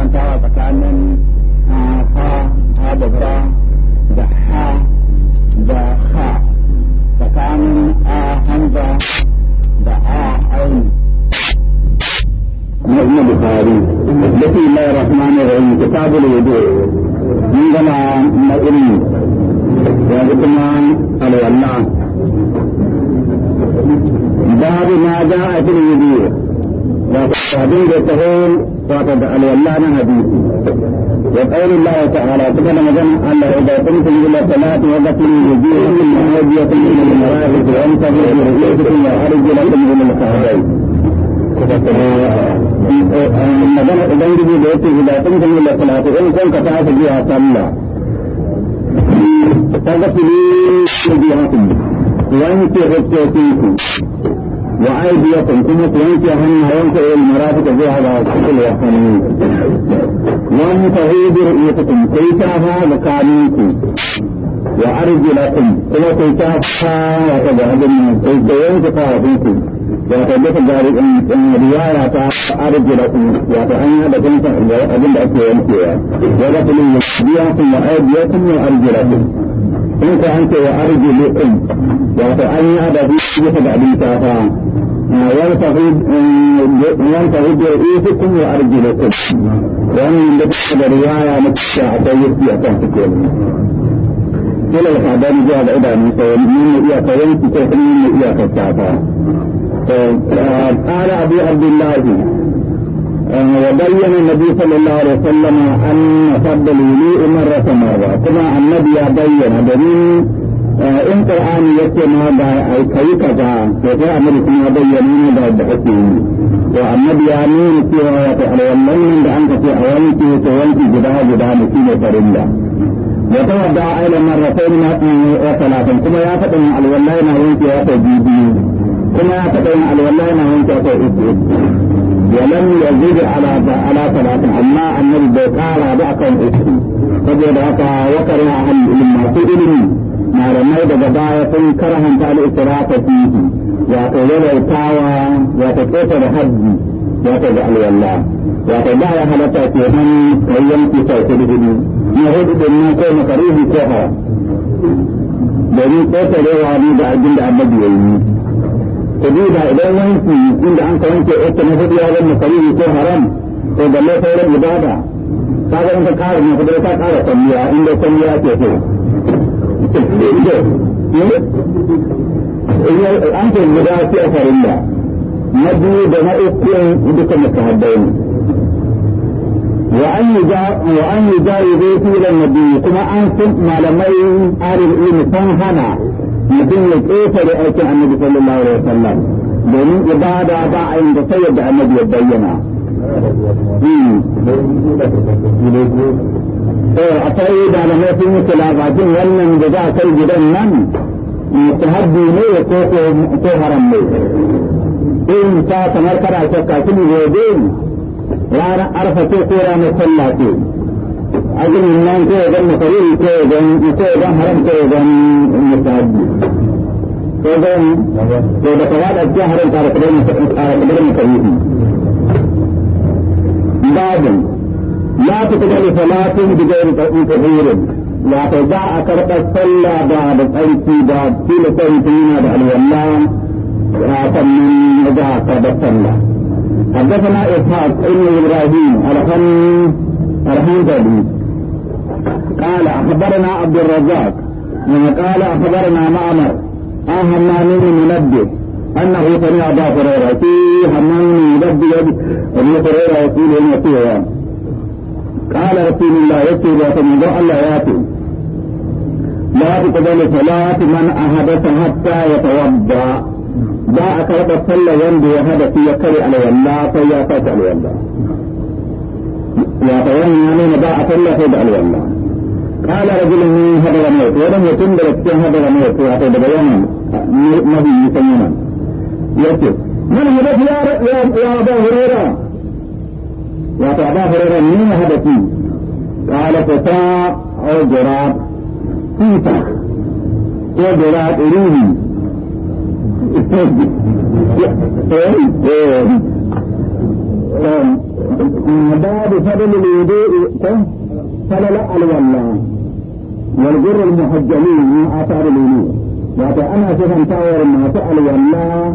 องเจ้าประการนั้นอาคาอาบราดะฮาดะฮาประการนั้นอาฮันดะดะอาอัน قد من هديه وقول الله تعالى قد نظن أن إذا قمتم إلى الصلاة وغسلوا وجوهكم وأيديكم إلى المرافق وانتظروا برؤيتكم وأرجلكم إلى الكعبين magana ubangiji da yake da kun san da salatu in kun ka tafi zuwa sallah ta ga fili da biya ku wani ke hoto وأيديكم كما تنسى هم ينسى المرافق زي هذا كل يحسنين وانتهوا برؤيتكم كيفها وقالينكم وأرجلكم كما كيفها وتذهب من كيف ينفقها فيكم ذلك أن ريالة أرجلكم وتعنى بكم أجل أكيانكم وبطلوا يديكم وأيديكم وأرجلكم أنت أنت يا وأرجي لكم وتعني هذا في يحب أبي تافا ينتهد رئيسكم وأرجي لكم وأني لكم برياية مكتشة حتى يفتي أتاتكم كل الحضار جاد عدا من سوال من إيا قويت كثمين من إيا قتاتا قال أبي عبد الله وبين النبي صلى الله عليه وسلم أن فضل الوضوء مرة مرة كما النبي بين دليل in qur'ani yake ma ba ai kai kaza to sai annabi kuma bayyana ne da da kake yi to annabi ya nuna cewa wato alwallan nan da an ka ce a wanke to wanki guda guda ne shine farilla ya tawadda aila marratayn ma wa salatan kuma ya faɗa min biyu kuma ya faɗa min ولم يزيد على على ثلاثة أما أن البقالة بأكم إثم فجد يدعك وكرها أن لما تؤلم ما رمي بجباية كرها فالإسراف فيه وتولد الكاوى وتكسر حجي وتجعل الله وتدعى هلتا في هم أيام في سيكون يهود بما كان كريه قريب domin kotarewa ne da abin da annabi ya sabida idan wanki inda an ka wanke ita na hudu ya zama sariri ko haram ko da mai sauran ibada ka ga ka kara na hudu ka kara kwalliya inda kwalliya ke so an ke guda su a farilla na biyu da na uku duka mutahaddai وأن وأن يجاوز إلى النبي كما أنتم معلمين أهل العلم فهنا mutum ya ƙetare aikin annabi sallallahu alaihi wasallam domin ibada ba a yin da sai yadda annabi ya bayyana akwai da malamai sun yi kulabatin wannan da za a kai gidan nan mustahabbi ne ya ko haram ne in ta kamar kana shakka kin gobe ranar arfa ko ranar sallah ce ajin nan ko ga mutariri ko ga ko ga haram ko ga mutaaddi ko ga ko da kawai da ke haram ka da kudin ka da kudin mutariri babin la tuqbalu salatun bi ghairi tahririn la ta za a karɓar sallah da da tsarki da tilo tsarki yana da alwala a sannan za a karɓar sallah حدثنا إسحاق ابن إبراهيم الحمد رحمه الله قال أخبرنا عبد الرزاق من قال أخبرنا معمر أهم من منبه أنه سمع أبا هريرة في همام يبدي يد أبي هريرة يقول إن يطيعها قال رسول الله يكتب وسمع ضحى الآياتي لا تقبل صلاة من أهدت حتى يتوضا ضاع كرب الصلاة يمضي وهدت يكري على الله فيا فتى على الله وأتوان يعني نباع الله في دعوة الله قال رجل من هذا الموت ولم يتم بلسكين هذا الموت وأتوان بيانا نبي يسمينا يسير من هذا يا يا أبا هريرة يا أبا هريرة من هذا هدفي قال فتاة أو جراب كيفا أو جراب إليه إيه؟ إيه؟ باب فضل الوضوء فللا علي الله والجر المحجمين من اثار الوضوء وقال انا شوف ان تاور ما تعلي الله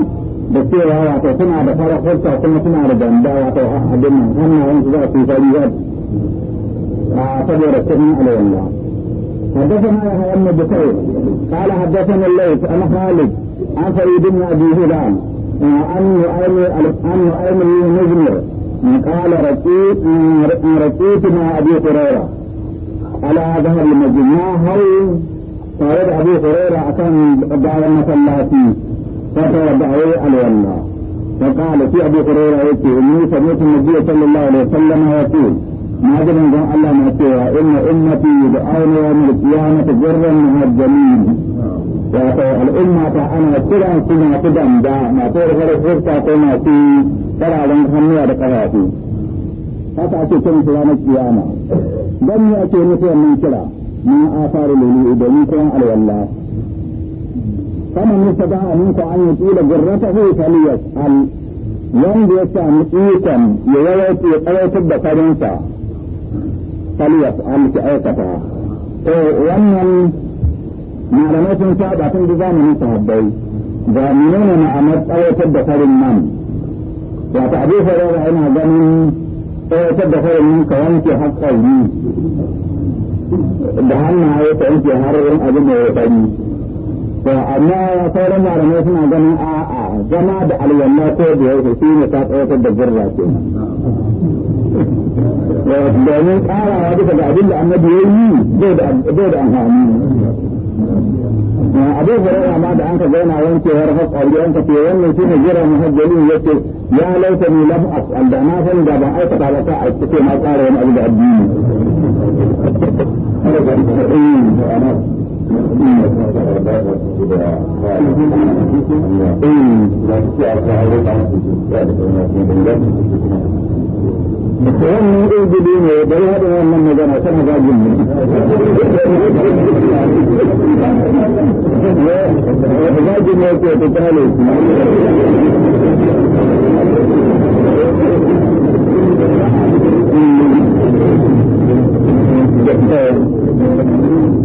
بكتير هوا تسمع بفرا خلطة وكما سمع لجنبا وقال احد من هم وانت ذا في فريد فضل رسلنا علي الله حدثنا يا هم بكير قال حدثنا الليث انا خالد عن فريد بن ابي هلال أن نؤمن أن نؤمن مزمر قال رقيب رقيب مع أبي هريرة على ظهر المسجد ما هو تارد أبي هريرة أكان دعوة مسلاتي فتوضعوا الولا فقال في أبي هريرة يقول إني سمعت النبي صلى الله عليه وسلم يقول ما جمع الله ما سوى إن أمتي يدعون يوم القيامة جرا مهجمين wato al'umma ta ana kiran su masu damba masu rufar furta ko masu fararen hannuwa da ƙafafu haka ake kiran su ranar kiyama don ne ake nufi wannan kira min asaru lulu domin kuma alwallah فمن استطاع منكم أن يطيل جرته فليسأل wanda ya samu ikon ya yawaita ya tsawatar da karinsa faliyas an ki aikata to wannan malamai sun saba sun ji zamanin sahabbai ga menene ma'anar tsawatar da farin nan wata abu da yana ganin tsawatar da farin nan ka wanke haƙƙari da hannaye ka wanke har wurin abu da ya fari to amma sauran malamai suna ganin a'a zama da alwala ko da yau shi ne ta tsawatar da zurra ke domin ƙarawa duka da abin da annabi ya yi zai da amfani abin hurairah ma da an ka zauna wankewar haƙƙari an ka ce wannan shi ne jira muhajjalin ya ce ya laita ni lam af'al na san da ban aikata ba ta a cikin ma tsara wani abu da addini wannan izini ne bari haɗin wannan magana ta magajin ne magajin ne ke ta tale su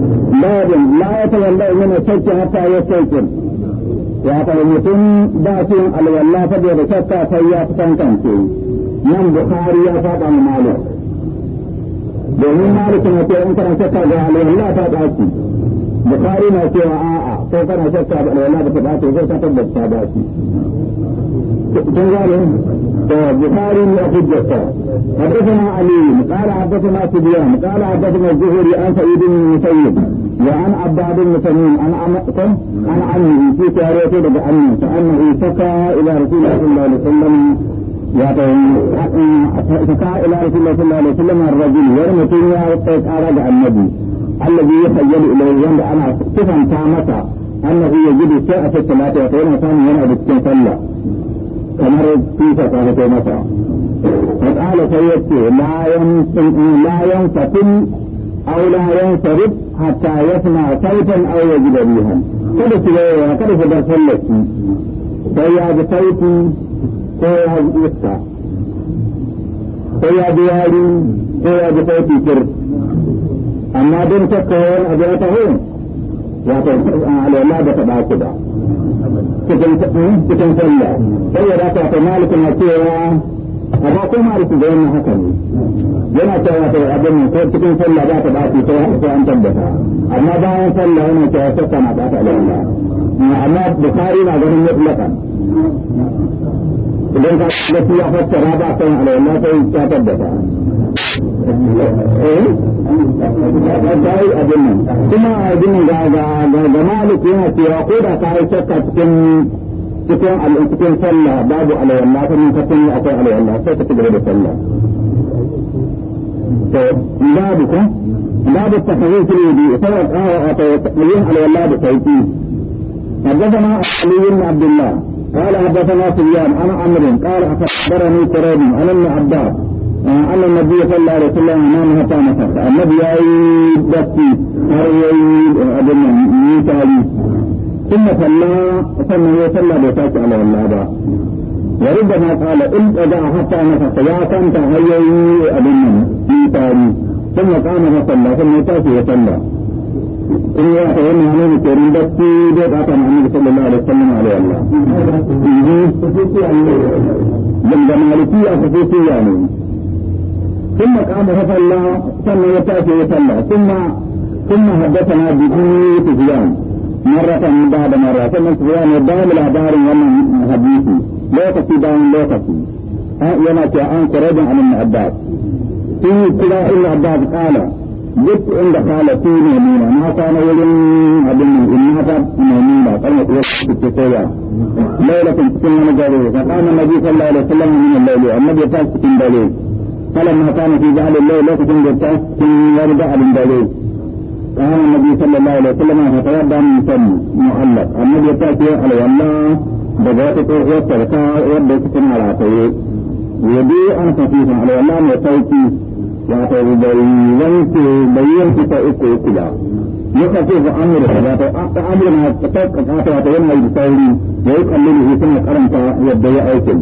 babin ya tawalla yana sauke hatta ya ya mutum ba ya fi nan Bukhari ya faɗa ma Malik domin Malik na cewa in kana shakka ga alwala ta dace Bukhari na cewa a'a sai kana shakka ga alwala ba ta dace sai ka tabbata ta dace kun gane Bukhari ya hujjata حدثنا علي قال حدثنا سبيان قال حدثنا الزهري عن سعيد بن المسيب وعن عباد بن تميم عن عمته عن عمه في تاريخه عن فانه سكى الى رسول الله صلى الله عليه وسلم فساء إلى رسول الله صلى الله عليه وسلم الرجل ورمتين يا وقيت أراد النبي الذي يخيل إليه أن أنا صفا تامة أنه يجد شيء في الصلاة وقيل إنسان ينعى بالسن صلى كمر في فقه تامة فقال سيدتي لا لا ينفتن أو لا ينصرف حتى يسمع صوتا أو يجد بها kada su kada su bar sallaci ko halittarsa ko ya bi yari ko ya bi sauti kir amma don takka wani abu ya taho wato alwala da ta ɗaku ba cikin sallah sai ya dafa ta malikin na cewa a ba ko maliki da wannan haka ne yana cewa ta abin ne ko cikin sallah ba ta ɗaku sai sai an tabbata amma bayan sallah yana cewa sassa na ɗaka alwala amma da bukari na ganin mutlaka idan ka gaske ya fassara ba kan alai na sai ta tabbata eh abin nan kuma abin ga ga ga malik yana cewa ko da ka yi shakka cikin cikin alai cikin sallah babu alai na ta min kafin akwai alai na sai ka cigaba da sallah to babu ko babu tafsiri ne sai ka ta yin alai na da sauki حدثنا علي بن عبد الله قال حدثنا سليم عن عمرو قال اخبرني كريم عن ابن عباس آه، أن النبي صلى الله عليه وسلم نام حتى نفخ النبي يعيد دفتي يعيد أبن آه، ميتالي ثم صلى ثم يصلى بساك على الله وربما قال إن أدع حتى نفخ يا كنت هيئي أبن ميتالي ثم قام فصلى ثم يتاتي وصلى رواية هنا عن الكريم بكي بيت النبي صلى الله عليه وسلم عليه الله جنب مالكية خصوصية يعني ثم قام فصلى ثم يتأتي يصلى ثم ثم حدثنا بأمي سفيان مرة بعد مرة ثم سفيان يدعم الأخبار ومن حديثي لا تفيدان لا تفيد ينأتي عن قريبا عن ابن عباس في كلا إلا عباس قال duk inda kala ko ne nuna na kwana wurin abin nan in mata na nuna kalmar uwar su ce koya lailatin cikin wani gare ka kana nabi sallallahu alaihi wasallam min al-layl annabi ta cikin dare kala ma kana fi jahal al-layl lokacin da ta cikin wani jahalin dare kana nabi sallallahu alaihi wasallam ya tayar da mun san mu'allaq annabi ta ce alwala daga wata tsohuwar sarka wadda suka na rataye yabi an tafi alwala mai sauki wato bayyanku bayyanku ta uku uku da ya kafe ga amurka wato ta amurka ta kasa wato yana yi sauri ya yi kallon shi suna karanta yadda ya aikin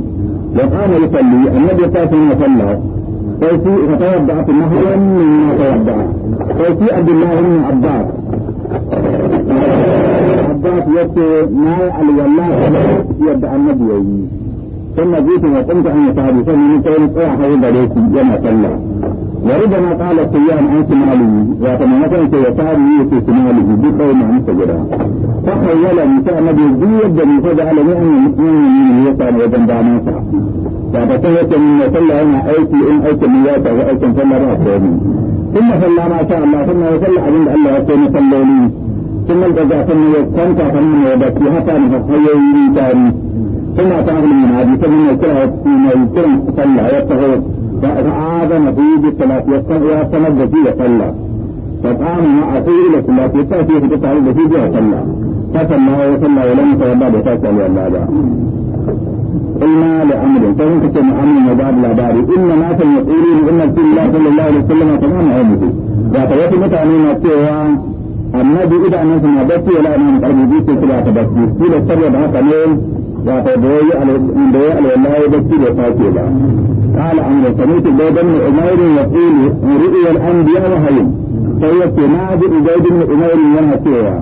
wa kana yi salli annabi ya tashi yana salla sai shi ka tawadda ta mahawan ne ya tawadda sai shi abdullahi ibn abbas abbas yace na yi alwala yadda annabi ya yi ثم جئت وقمت ان يصابي فمن يقول ايه حول عليكم يوم صلى وربما قال الصيام عن شماله وكما مثلا في يساره في شماله بقوم مع مسجدا فحول مساء مجلسي يبدا من فضع على مؤمن من يسعى وجنب عناسا فتصيت من صلى هنا ايتي ان ايتي من ياسع وايتي صلى راسه ثم صلى ما شاء الله ثم يصلى عند الله يكون صلى لي ثم التجا ثم يستنكى ثم يبكي حتى نفخيه يريد ثم تعمل من هذه ثم يكره ثم يكره صلى يكره فأعاد نبي بالثلاثية وصلت بفيه صلى فقام مع أخيه إلى الثلاثية التي في قطعة بفيه صلى وصلى ولم يتوضأ بفاسأل ولا قلنا لأمر فهم كتب أمر مجاب لا داري إن ناسا يقولون إن رسول الله صلى الله عليه وسلم تمام عمره وفيتم متعنين السيوان النبي إذا أنزل ما بسي ولا أمام قلبي بيسي سلا تبسي سلا السر يبعث عليه wato da ya yi da ya alwala ya bacci da sake ba قال عن سمعت زيد بن عمير يقول رؤيا الانبياء وهي سيأتي نادي زيد بن عمير ينهى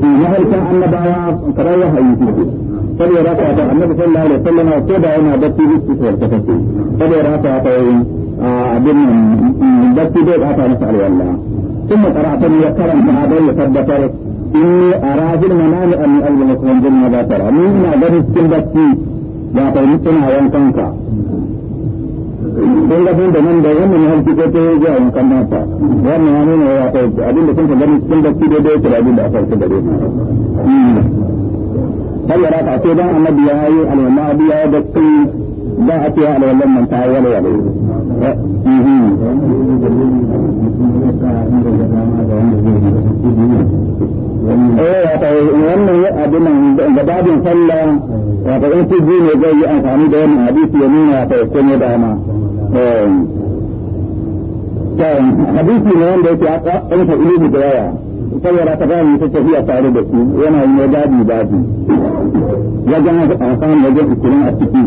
في نهر كان النبي قرأ وهي saboda haka ta annabi sallallahu alaihi wasallam ko da yana bacci zuci ta ta tafi saboda haka ta yi abin nan bacci bai ta masa alwala kuma karatu ya karanta adai ya tabbatar إني a في المنام أني أول مسلم جنة لا ترى من ما درس لا تريدنا ga sun da nan da wannan har kike ta yi zuwa wankan nasa wannan ya nuna ya kai abin da kun da da aka da dai har yara ka ce dan annabi ya yi alwala abu ya da kai ba a ce alwala man ta yi walwala eh ya ta wannan abin nan da babin sallah wato in ji ne zai yi amfani da wannan hadisi ya nuna ta dama eh hadisi ne wanda yake aka ɗauka ilimi da yawa saboda ta gani ta tafiya tare da su yana yi ne dadi dadi wajen asan wajen ikirin a ciki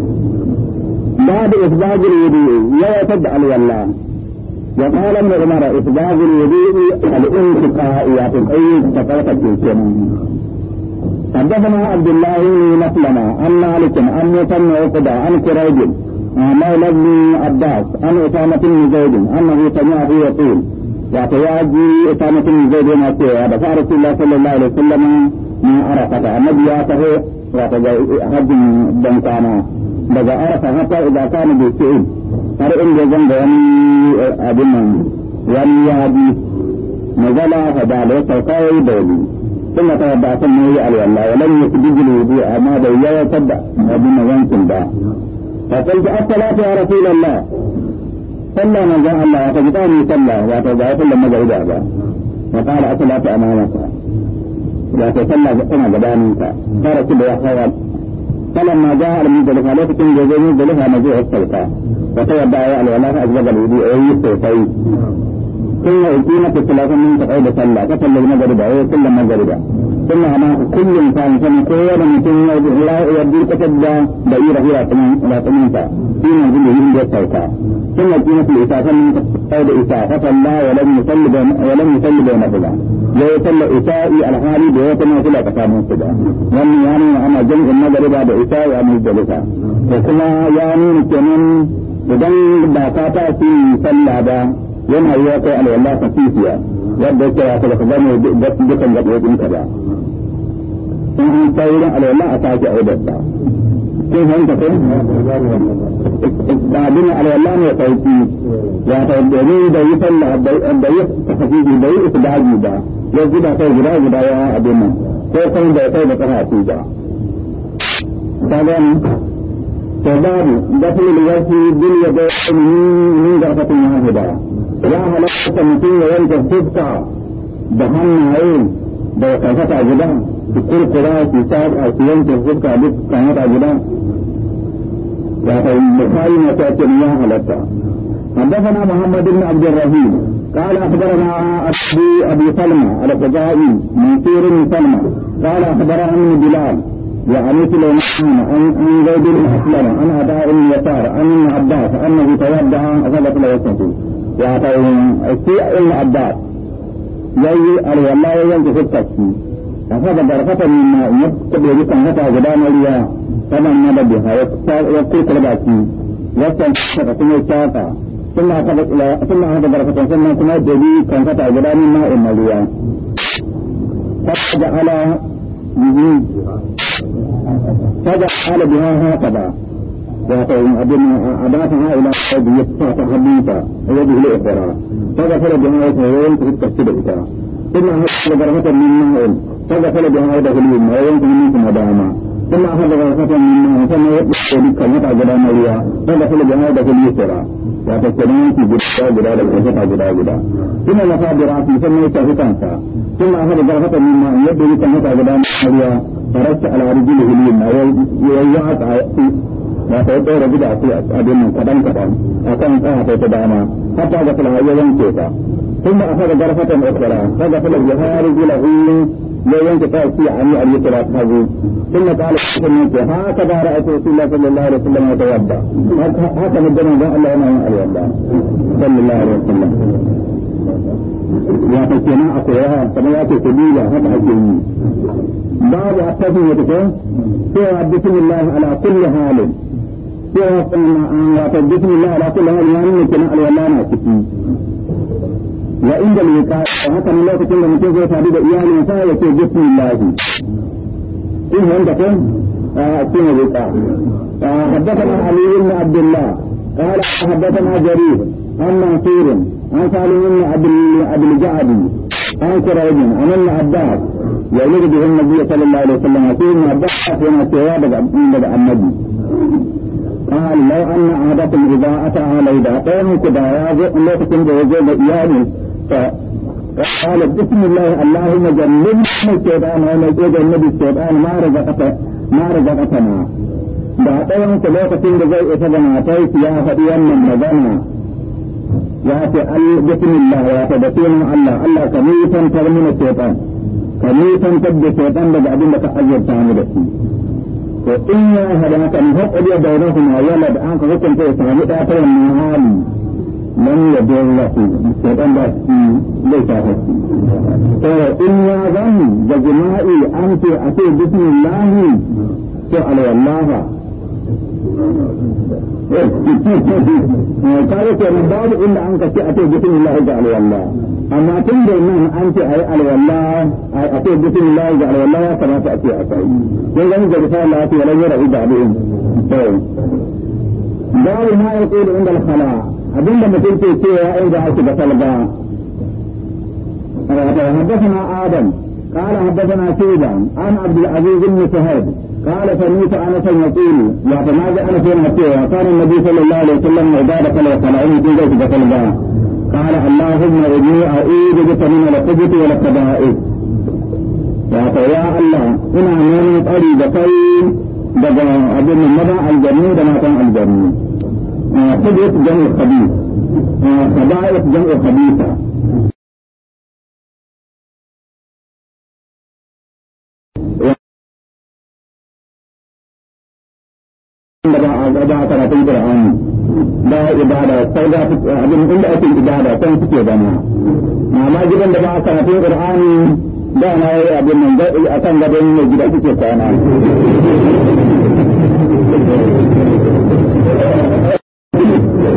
babu isbagir yadi yawatar da alwallah ya kala min umara isbagir yadi al-intiqa ya tuqayyi tafarka kenan حدثنا عبد الله بن مسلمة عن مالك عن موسى بن عن كريب مولى ابن عباس عن أسامة بن زيد أنه سمعه يقول وتياجي أسامة بن زيد يقول بشار رسول الله صلى الله عليه وسلم من عرفة النبي ياته وتجاهد بن كان بدا عرفة حتى إذا كان بالسعيد فرئن جزم بني أبنان ولي يهدي نزل فبعد سوقاي بولي ثم توضع ثم يعلو الله ولم يسجد الوضوء ما بيا يتبع أبن ذنب فقلت الصلاة يا رسول الله صلى من جاء الله وتجداني صلى وتجداني صلى ما جاء إجابة وقال الصلاة أمامك وتصلى أنا جدانك قال كل يا خوال فلما جاء المزدلفة لا تكون جزيني المزدلفة مجيء السلطة وتوضأ يعلو الله أجلب الوضوء ويسوي ثم يقيمة الصلاة من تقعد صلى كفل المغربة ويصلى المغربة ثم هما كل إنسان كان كل من كان لا يبدو تكدى بعيرة إلى إلى تمنتا فيما يقول يهم بيتوكا ثم يقيمة الإساءة من تقعد إساءة صلى ولم يصلي ولم يصلي بينهما لا يصلى إسائي الحالي بيتنا كلا تقام كذا ومن يعني أنا جمع بعد بإسائي أم مزدلفة وكما يعني كمان idan ba ta ta sallah ba yana yi kai alwala kafifiya wadda yake ya saba gane dukkan gaɓoɓin ka ba in yi saurin alwala a sake aidarta ko hanta ko ba bin alwala ne ya sauki ya ta domin da yi sallah da yi kafifi da yi isdaji ba ya guda kai guda guda ya abin nan ko kai da kai da kana ba. ta gani فباب دخل الوجه باليدين من غرفة واحدة يا هلاك متين وانت تدفع دهنا عين بوقفات عجلة بكل قراءة كتاب أو سيان تدفع بك كانت عجلة البخاري ما تأتي يا هلاك حدثنا محمد بن عبد الرحيم قال أخبرنا أبي أبي سلمة القضائي منصور بن سلمى قال أخبرنا ابن بلال wa alaihi wa sallam an an gaibi al-islam an ada al yatar an an abbas an an tawadda an azaba al ya ta yin ai al abbas yayi al wallahi yan ta fitaki da fa da barkata ma ya ta da yi tanga ta gudan riya da biya ya ta da ki ya ta ta ta ta ta sunna ta da sunna ta da barkata sunna kuma da yi ma in mariya ta da ala kada ala biya haka ba ya kai a ba ta ha'ila ta biya ta ta habiba ya bi ta fitar da ita ina haka da garmata min ma'un kada kada biya haka da hulu ma yayin kuma dama ina haka da garmata min ma'un kuma ya bi ta dukkan mata guda mariya kada kada biya haka da hulu kuma ta guda guda farasta alharji da hiliyin na yayi ya haka ba ta yadda rabu da a abin nan kaɗan kaɗan a kan tsaha ta dama hatta ga fulha ya ثم أخذ جرفة أخرى فدخل الجهار له لا ينتفع في عن اليسرى هذه ثم قال سمعت هكذا رأيت رسول الله صلى الله عليه وسلم يتوضأ هكذا الدم الله أنا اليوم صلى الله عليه وسلم ya ta kenan a koya kamar ya ce sabila haka ake yi babu a tafi ya tafi cewa bismillahi ala kulli halin cewa wato bismillahi ala kulli halin ya nuna kenan alwala na ciki wa inda al-wiqaya haka ne lokacin da mutum zai sadu da iyalinsa ya ce bismillahi إيه عندكم؟ أعطينا آه بقى آه حدثنا علي بن عبد الله قال حدثنا جرير عن منصور عن سالم بن عبد عبد الجعد عن كريج عن ابن عباس يليق به النبي صلى الله عليه وسلم في ابن عباس وما سواه بدع النبي قال لو ان احدكم اذا اتى على اذا قام كبايا لا تكن بوجود اياله قال بسم الله اللهم جنبنا الشيطان وما جنب الشيطان ما رزقك ما رزقتنا da ɗayan ku lokacin da zai isa da matai ya faɗi wannan magana ya ce al bismillah da sunan Allah Allah ka nisan tar shaytan ka nisan tar da shaytan daga abin da ka azurta mu da shi to in ya hada maka ni har da wani kuma da an ka hukunta ya samu da ta wannan hali nan ya su shaytan da shi ta to in ya zan da jima'i an ce a ce bismillah to alwallaha kare eh, kenan babu inda an kace a ce bismillahi ga alwala amma tun da nan an ce ayi alwala a ce bismillahi ga alwala ya kamata a ce a kai don ganin da ta Allah ta yalan yara da abin babu ma ya kudu inda alkhala abinda mutum ke cewa inda ake da salba حدثنا آدم قال حدثنا شيبان عن عبد العزيز بن سهيل قال سمعت انس يقول يا فما جاء انس يقول كان النبي صلى الله عليه وسلم اذا دخل يطلعني في بيت دخل بها قال اللهم اني اعوذ بك من الخبث والقبائل يا الله انا من اري بكي دغا ابن مضى الجنين دما كان الجنين خبث جمع خبيث قبائل جمع خبيثه ba a karatun ba ibada sai da abin inda ake ibada sai suke zama amma gidan da ba a karatun Qur'ani da na yi abin nan a kan gadon mai gida suke kwana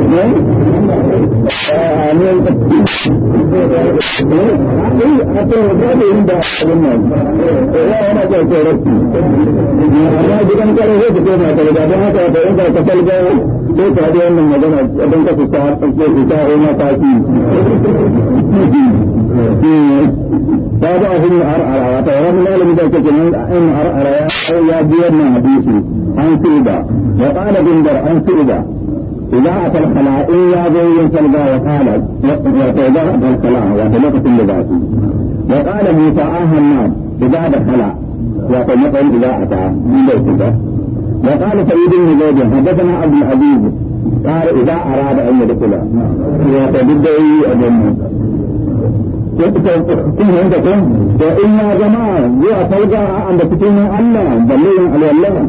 babu abin da ar'ara wata wani malami da ke إذا أتى الخلاء إلا ذي ينفلقى وقال وإذا أتى الخلاء وتلقى اللباس وقال موسى آه النار إذا أتى الخلاء وتلقى إذا أتى من بيتك وقال سيد بن زيد حدثنا عبد العزيز قال إذا أراد أن يدخل وتبدأ أبنه kun yanka kun to in ya zama zuwa الله an da الله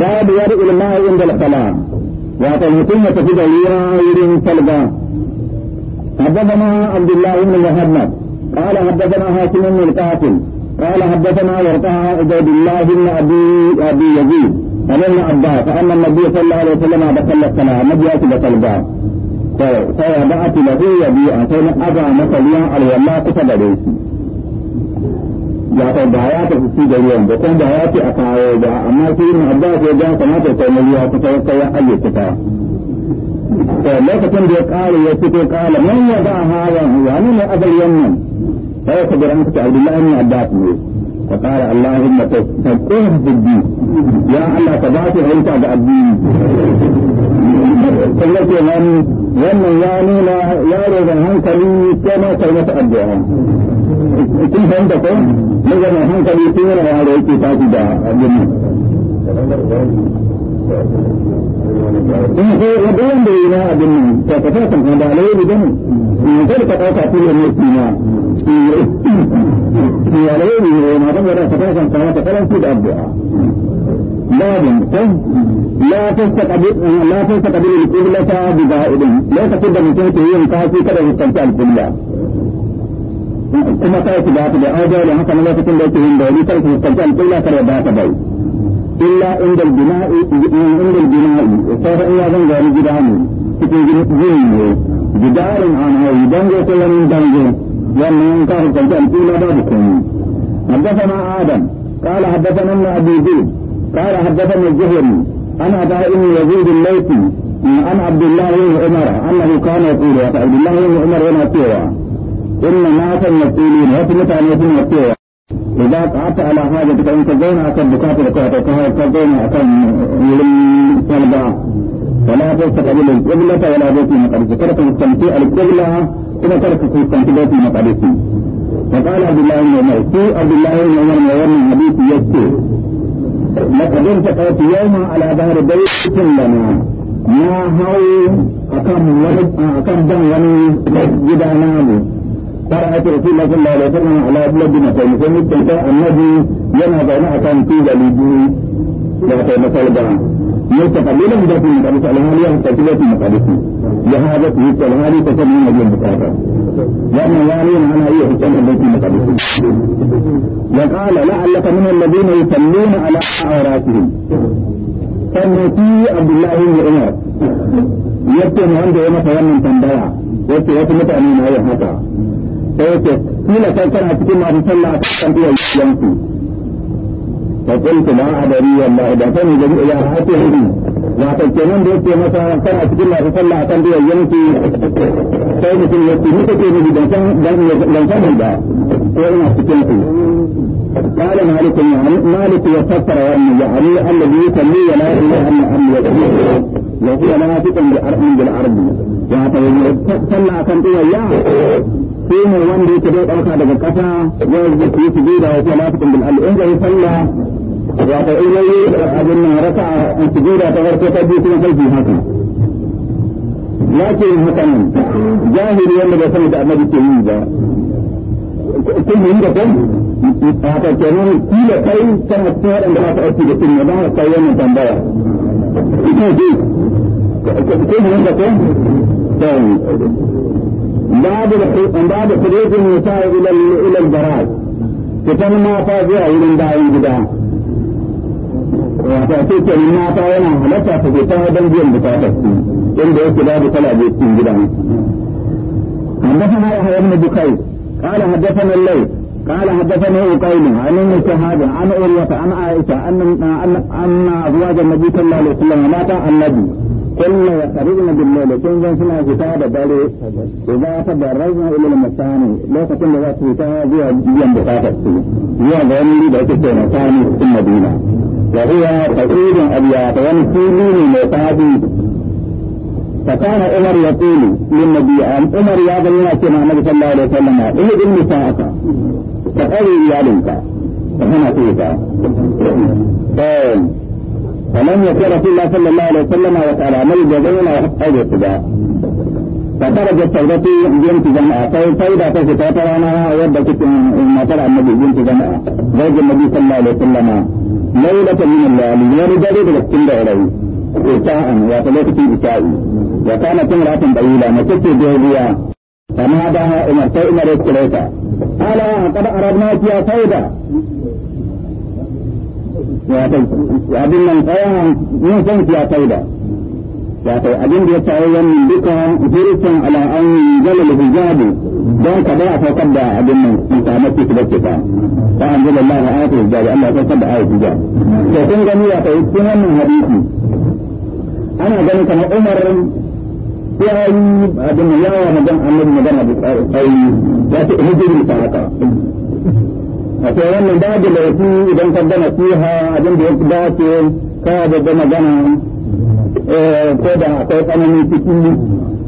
باب ورء الماء عند الصلاة وأتى كلمة في دليل سلبا حدثنا عبد الله بن محمد قال حدثنا هاشم بن القاسم قال حدثنا ورقاء عبد الله بن ابي ابي يزيد قال ابن عباس ان النبي صلى الله عليه وسلم دخل الصلاه ما جاءت بطلبا فوضعت له يبيعا فان ابى مصليا عليه الله كتب ya ta da ya ta fi da ruwan da kuma da ya ce a kawo ba amma sai irin abbas ya ga kamata ta yi ruwa kusa ya aje kusa to lokacin da ya kare ya fito kala man ya ga hawa ya ne mai azal yannan sai ka ka abdullahi ibn abbas ne ka kare allahumma ta hanta da wannan ya nuna yaro hankali sai addu'a kun san da na zama hankali tun yana yaro yake tafi da abin in ko da wanda yana abin nan ta ka fata da alai da mu in ka ka fata tun yana yake na in ya alai ne ma da ka fata kan ta ta karanci da addu'a باب لا تستقبل لا تستقبل القبلة بزائد لا تقدم تنتهي من كاسي كذا تستمتع القبلة kuma ta yake ba ta da auda da haka na lokacin da yake yin dauri kar ku kanta illa kar ba ta bai illa inda bina'i inda bina'i sai da iya zan gari gida ne cikin gidan ne gidarin an hayi dango ko wani dango wannan ka ku kanta illa babu komai حدثنا آدم قال حدثنا ابن أبي ذئب قال حدثني الزهري عن عطاء بن يزيد الليثي عن عبد الله بن عمر أنه كان يقول عبد الله بن عمر هنا إن ما كان يقولون وتمت على يكون يقول إذا قعدت على حاجة أنت زين أكل بكافر كافر كافر زين أكل للطلبة ولا تستقبل القبلة ولا بيت المقدس ترك التمتيع القبلة ثم ترك التمتيع بيت المقدس فقال عبد الله بن عمر في عبد الله بن عمر من غير حديث يسكت لقد انتقلت يوما على ظهر بيت لنا ما هو أكم ولد أكم دم ولد جدا نامو فرأت آية رسول الله صلى الله عليه وسلم على بلد مثل مثل مثل النبي ينهض نهضا طول لديه وهذا مثل بعض يوسف لم يكن من قبل سألها لي أن تكتب في مقالتي لهذا في سألها لي تكتب من أجل مقالتها وأنا يعني أنا أيه حسن في مقالتي وقال لعلك من الذين يصلون على عوراتهم فالنسي عبد الله بن عمر يبتن عنده يوم فيمن تنبيع يبتن يوم متأمين هذا da yake kila kai kana cikin masu sallah kan iya yanki fa qultu la adari wallahi da sani da ila hati hidi ya kake nan da yake masa kana cikin masu sallah kan iya yanki sai mutum ya ce ni kake ni dan san dan san da ko ina cikin ku قال مالك مالك يفسر يعني يعني الذي يسمي ولا اله الا الله يسميه وهو نافق بالارض بالارض وهذا يقول صلى كم يا shine wanda yake zai ɗauka daga ƙasa ya yi su bi da wasu lafiyan bil al'umma ya salla wato in yayi abin nan raka a sujuda ta farko ta biyu kuma sai haka lakin haka nan jahili wanda bai sani da annabi ke yi ba kun yi da kan haka kenan kila kai kana cikin waɗanda ba ta aiki da sunna ba kai wannan tambaya ko ko ko الثاني باب باب خروج النساء الى الى البراز كتن ما فازع الى داعي بدا وتاتيك مما ما فاينا هلتا فجتا دنجين بتاتكي إن بيت باب طلع بيتين جدا حدثنا يحيى بن بكير قال حدثنا الليث قال حدثنا أقيم عن ابن شهاب عن أورية عن عائشة أن أن أن أزواج النبي صلى الله عليه وسلم مات النبي قلنا يخرجنا بالليل تنزل زن سنا كتاب داري إذا تدرجنا إلى المساني لا تكون لها كتاب زي بيان بخاطة زي غني لي بيت المساني في المدينة وهي تقول أبيات ونسيني لمتابي فكان عمر يقول للنبي أن عمر يا بني كما النبي صلى الله عليه وسلم إلي اهد نساءك يا ريالك فهنا فيك فلم يكن رسول الله صلى الله عليه وسلم وسأل عمل جبين او اتباع فخرجت ثورتي بنت جمعة جماعة فإذا فكت أنا ودكت المطر النبي بنت جمعة زوج النبي صلى الله عليه وسلم ليلة من الليالي يوم جديد وقتين عليه إرتاء وتلوك في بكائي وكانت امرأة طويلة مسكت بيديها فناداها إن أتي إليك قال قد أردناك يا سيدة abin nan tsaya yin son ya kai da wato abin da ya kawo wannan duka hirisan ala an zalal hijabi don ka ba a da abin nan musamman su bace ta ta an zalal Allah na hijabi Allah ya saukar da ayatul hijabi to kun gani wato cikin wannan hadisi ana ganin kamar Umar ya yi abin yawa magan annabi magana da tsayi ya ce hijiri ta haka akwai wannan babu laifi idan ka gana fiha abin da ya fi dace ka da gana gana eh, ko da akwai tsanani ciki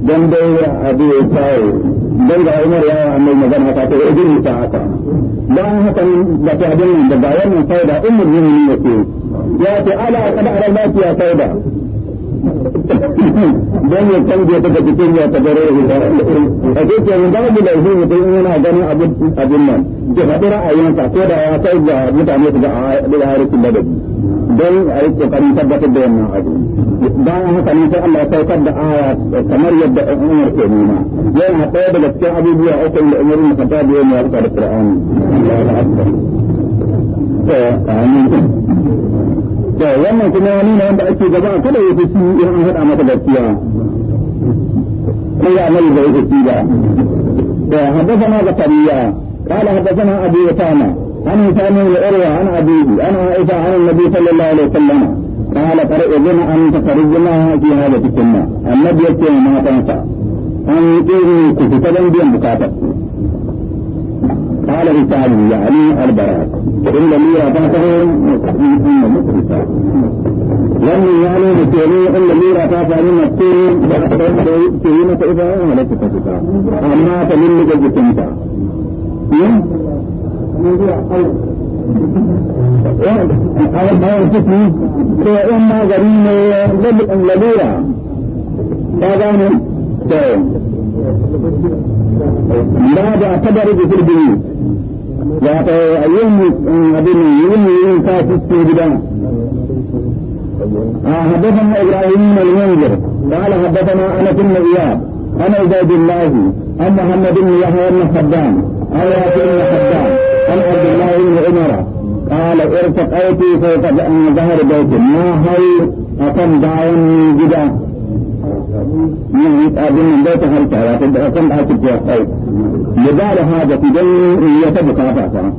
don dai abu ya tsaye don ga umar ya mai magana ta ta idan ta haka don haka da ta abin da ga wannan faida umar ne ne yake ya ce ala kada ala lafiya faida don ya canje daga cikin ya tabarar ita a ke wanda abu da zai mutum yana ganin abin nan ke faɗi ra'ayinsa ko da ya kai da mutane su ga a ɗaya harshen don a yi tabbatar da wannan abu haka ne sai Allah saukar da aya kamar yadda Umar ke nuna yana ɗaya daga cikin abubuwa da Umar ibn Khattab ya da Qur'ani Allahu akbar da wannan kuma ya nuna wanda ake gaba kada ya fi in an haɗa masa gaskiya ko ya nan da yake ci ba to haddathana zakariya قال حدثنا ابي اسامه عن هشام بن عروه عن ابيه عن عائشه عن النبي صلى الله عليه وسلم قال فرئذنا ان تخرجنا في هذا السنه النبي يكتب ما تنسى an yi ku fita don biyan bukatar قال رسالي يعني البراء إن لي رفعته إن مكرسا لم يعني رسالي إن لي رفعته عن نفسه سهينة إذا أهلك تكتا أما تلم جلسنتا هذا نعم؟ ما يرتكي فإما غريم لبيرا هذا من بعد قدر بفرده wato yin abin yin yin kafi ce gida حدثنا ابراهيم المنذر قال حدثنا أنا بن اياب أنا عباد الله عن محمد بن يحيى بن خدام أنا ياسر بن خدام أنا عبد الله بن عمر قال ارتقيت فوق ظهر بيت ما هل اكن دعوني جدا من أبن لا تهلك على تبقى كم أحد الجواب لبعض هذا في دين يتبقى فاسا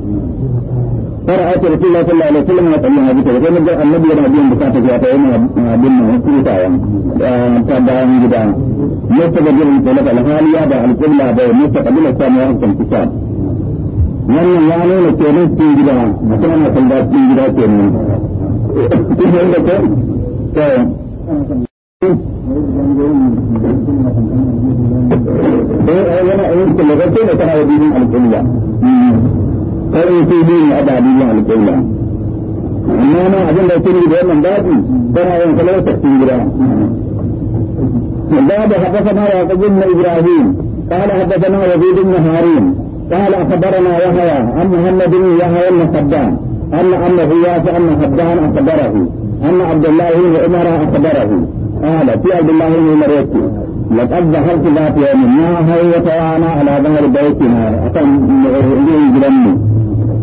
فرأت رسول الله صلى الله عليه وسلم وطلها بتوجه نجا النبي رضي الله بكاته جواته يوم أبن كوتا تابعان جدا يستبجر الكلف الحالي هذا القبلة بمستقبل السامع الكتاب wannan ya nuna kenan cikin gida mutum ana sanda cikin gida kenan. Kun yadda ko? يمكن لغتين يتعودين على الجملة أو يتوبين على الجملة أنا أظن لو كنت بأن من بعدي فأنا يمكن لا تكتين جراء من حدثنا بن إبراهيم قال حدثنا يزيد بن هارون قال أخبرنا يحيى عن محمد بن يحيى بن صدام أن أنه يافع أن حبان أخبره أن عبد الله بن عمر أخبره قال في عبد الله بن عمر يبكي لقد ظهرت ذات يوم ما هي وانا على ظهر بيتنا أتم جرمي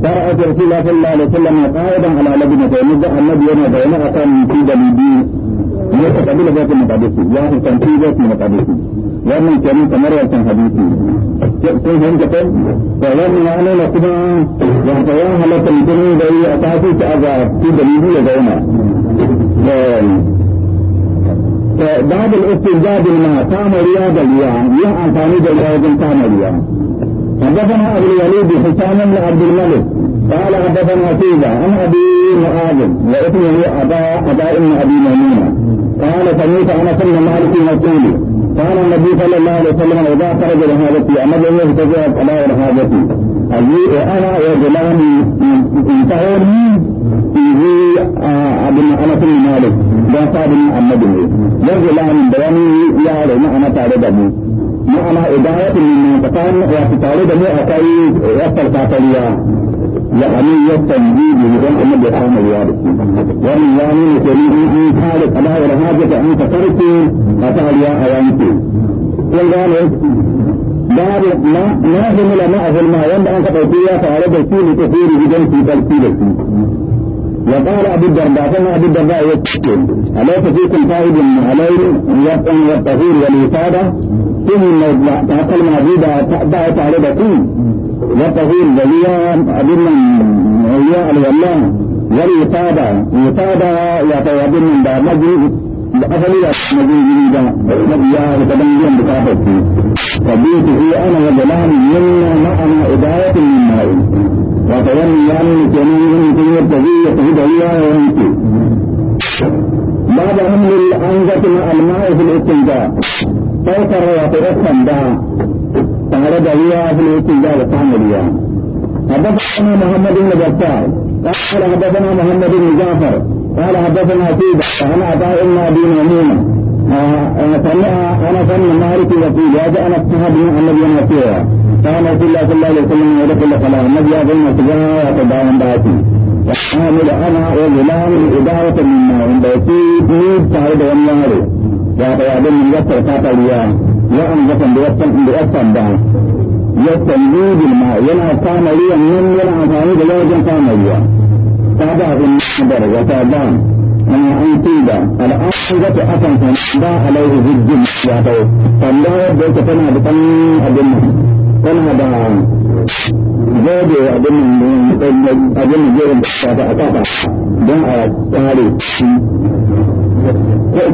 فرأت رسول الله صلى الله عليه وسلم قائدا على لبنة مدة النبي يوم بين أتم في دليل يتقبل بيت المقدس ياهي تنفيذ بيت المقدس wannan kenan kamar wancan hadisi kun fahimta ko to wannan ya nuna kuma wanda ya halatta mutum da yi a tafi ta aza ta dalili ya zauna باب الاستنجاء الماء قام رياض اليوم يا أنطاني باليوم قام اليوم حدثنا أبو الوليد حسان بن عبد الملك قال حدثنا عتيبة عن أبي معاذ واسمه أبا أبا ابن أبي ميمونة قال سميت انا بن مالك يقول قال النبي صلى الله عليه وسلم إذا خرج لهذه في عمله يهتزئ على رهابته pagi ala ya jalan mencintaan ibu abu anak pun mahal dan sahabu amma dulu ya jalan berani ya ada anak anak tak ada babu ma'ana edaya pun mengatakan ya kutala dan ya akai ya terkata liya ya kami ya tanji diri dan amma dia sama liya dan ya ini jadi ini khalid ala ya rahmat ya kami tak kata liya ayam itu yang باب ما ما حمل ما الماء وما أنت قوتية فأرد كل كثير جدا في تلكيلة وقال أبو الدرداء فما أبو الدرداء يقول أليس فيكم فائد علي يبقى والطهور والإفادة ثم تعقل معبودة تأبع تعرضكم والطهور وليا أبنا وليا الولاء والإفادة إفادة يتوابن من دار مجلس لأفضل نبي جديدا نبيا وتبنيا بكافتي فبيت هي أنا وجلال يمنا معنا إداية من ماء وتبني أن جميع كثير تغيير تهدئيا وينتي بعد أمر الأنزة مع الماء في الاستنجاء فوتر وتأثم بها تعرض هي في الاستنجاء وتعمل هي حدثنا محمد بن بشار قال حدثنا محمد بن جعفر قال حدثنا عتيبة عن عطاء بن أبي ميمونة سمع أنس بن مالك يقول يا جاء نفسها بن النبي يطيع كان رسول الله صلى الله عليه وسلم يدخل صلاة النبي بين سجارة وقدام باتي وعامل أنا وغلام إدارة من ماء بيتي بيت تعود والنار وقال أبن من يسر فاتا اليوم وأنزفا بيسر بيسر بعض يستنجي بالماء ينعى كامريا من ينعى كامريا ينعى كامريا ba abin da daga ta ba an an tuba da ta akan san ba alaihi zujjin da kan abin nan tana da zobe abin nan da yin abin nan jerin a tsare shi a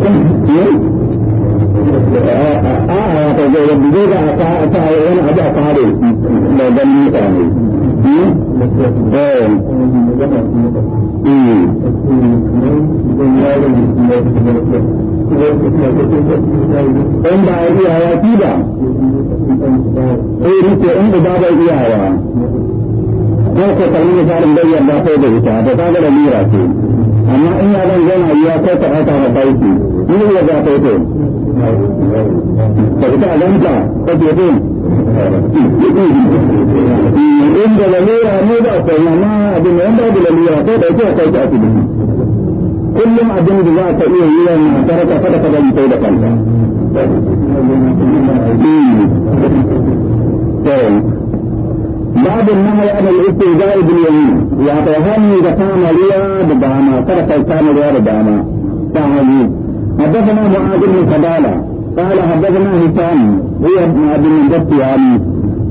a a a a a a a a a a a a a a in ba a iyawa fi ba sai rike in ba ba iyawa ko ko kalmi misalin bayyana sai da ita da ta ga da lura ce amma in ya zan zauna ya kai ta haka na baiki ni ne ta yi ta ta ta in da ne ta yi amma abin da yanda da lalura ko da ke kai ta kullum abin da za ta iya yi yana tarka kada ka da kanta hmm. باب النهي عن الاستهزاء باليمين إذا دقام ليا بداما ترك الكام ليا بداما تعالي حدثنا معاذ بن قبالة قال حدثنا هشام هو ابن عبد من دفي علي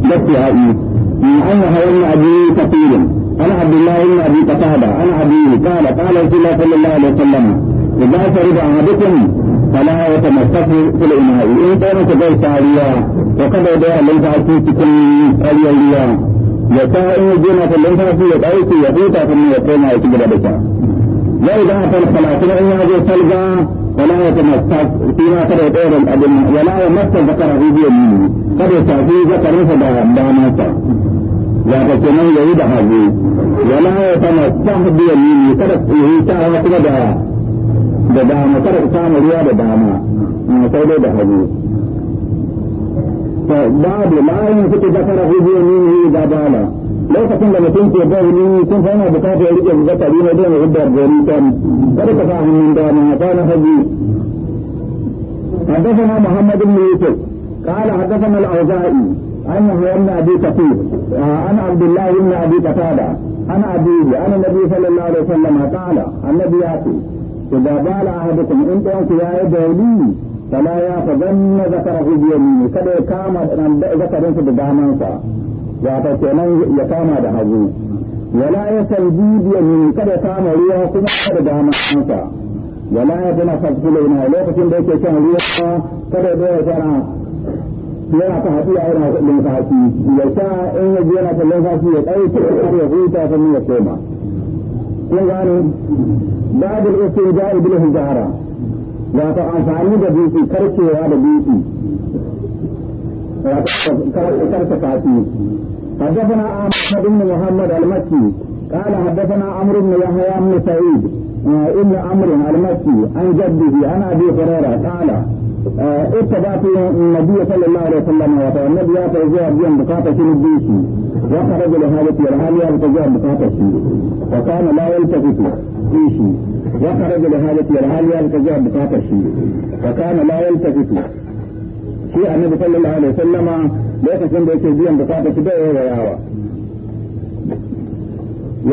دفي علي من أنه ابن أبي كثير أنا عبد الله بن أبي قتادة أنا أبي قال قال رسول الله صلى الله عليه وسلم إذا شرب أحدكم فلا يتمسك في الإناء إن كان كذلك عليا وقد وضع ليس عسوسكم عليا ya ta in gona kallon ta su ya dauke ya huta kuma ya koma ya ci gaba da ta ya idan ta salatu in ya zo salga wala ya tamassa fina kada ya tsaya da abin wala ya masa zakara biyan ni kada ya tafi zakarin sa da dama ta ya ta kenan yayi da hazu wala ya tamassa biyan ni kada ya yi ta kuma da da dama kada ta samu ruwa da dama sai dai da hazu باب لا ينفق ذكره بيمينه اذا بالا lokacin da mutum ke ba wani kun fa yana bukatar rike zakari na dole rubda gari kan kada ka sa hannun حدثنا محمد بن يوسف قال حدثنا الاوزاعي عن يحيى بن ابي كثير عن عبد الله بن ابي قتاده عن ابيه عن النبي صلى الله عليه وسلم قال النبي ياتي اذا بال احدكم انت انت يا دولي فلا يأخذن ذكره بيمينه kada ya kama zakarin su da damansa wato kenan ya kama da hagu wala ya salbi biyamini kada ya kama ruwa kuma da damansa wala ya tana fasfula ina lokacin da yake shan ruwa kada ya doya yana ta haɗi a yana lumfashi ya sha in ya je yana ta lumfashi ya ɗauke har ya huta sannan ya koma kun gane babu istin ja'i bil hijara wato amfani da dutse karkewa da dutse wato karka kafi حدثنا أحمد بن محمد المكي قال حدثنا عمرو بن يحيى بن سعيد ابن عمرو المكي عن جده عن ابي هريره قال اتبعت النبي صلى الله عليه وسلم وقال النبي يا فوزي ابيان بقاطه الدوسي وخرج لهالته والهالية لتجاه بقاطته وكان لا يلتفت فيه وخرج لهالته والهالية لتجاه بقاطته وكان لا يلتفت في النبي صلى الله عليه وسلم ليس عند يتجاه بقاطته بيه وياوى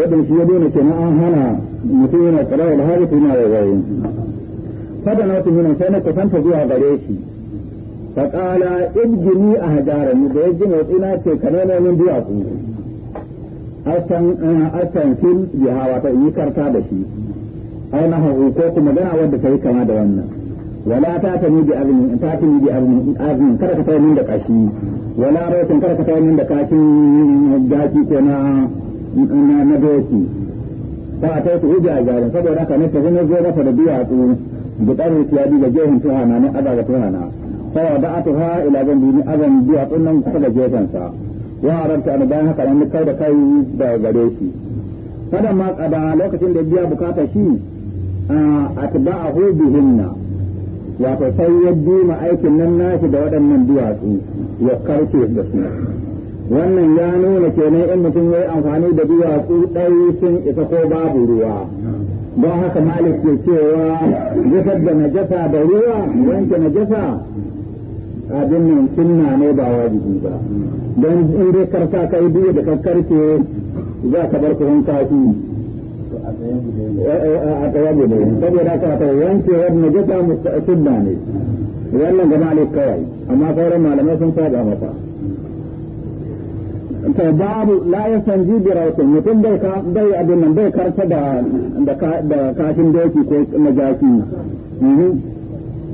يدن shi ya nuna kenan an hana mutum yana tsara da hali kuma ya zai fadana فقال ابجني أهجارا مدهج موطنا تكنين من بيعكم أسن أسن كل بها وتأيي كرتا بشي أي ما هو كوكو مدنا كما دوانا ولا تاتني بأذن تاتني بأذن أذن كرك تاي من دكاشي ولا روت كرك تاي من دكاشي جاتي كنا نبوتي فأتيت إجاجارا فبرا كانت تغنى زورة فدبيعة بقرر سيادي لجيهم تهانا نأذى تهانا fawa da atuha ila zambi ni azan biya tsunnan kusa da gefen sa wa arabta an bayan haka nan kai da kai da gare shi kada ma kada lokacin da biya bukata shi atba'ahu bihinna wato sai ya dima aikin nan nashi da waɗannan duwatsu ya karfe da su wannan ya nuna kenan in mutum ya yi amfani da duwatsu ɗari sun isa ko babu ruwa don haka malik ke cewa gusar da najasa da ruwa wanke najasa abin nan sunna ne ba wajibi ba don in dai karka kai duk da ka za ka bar kuhun kafi a tsaye guda eh, eh, eh, saboda ka ta wanke wadda jasa sunna ne wannan gama ne kawai amma sauran malamai sun saba masa to babu la ya san jibira ko mutum bai ka bai abin nan bai da da kafin doki ko majaki mhm.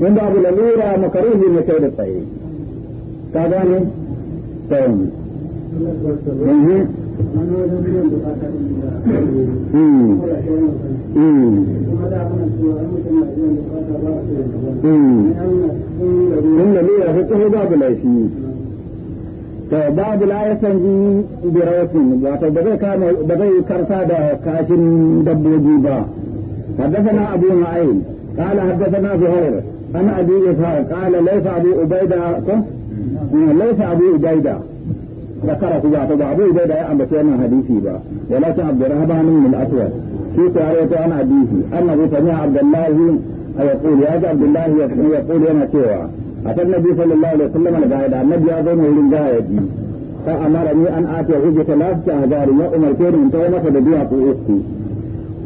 من باب الأميرة مكروه لمسير الطيب كذلك طيب النبي فقه باب العشي فباب لا يسنجي بروس واتو بغي كان بغي كرتا دا كاشن دبوجي با حدثنا ابو معين قال حدثنا زهير أنا أبي إسحاق قال ليس أبو عبيدة ليس أبو عبيدة ذكرت يعتبر أبو عبيدة يا أبا سيما حديثي با ولكن عبد الرحمن من الأسود في تعريته عن أبيه أنه سمع عبد الله يقول يا عبد الله يقول أنا سوى أتى النبي صلى الله عليه وسلم القائد النبي أظن يقول قائد فأمرني أن آتيه بثلاثة أهدار وأمر كير من تونس بديها في أختي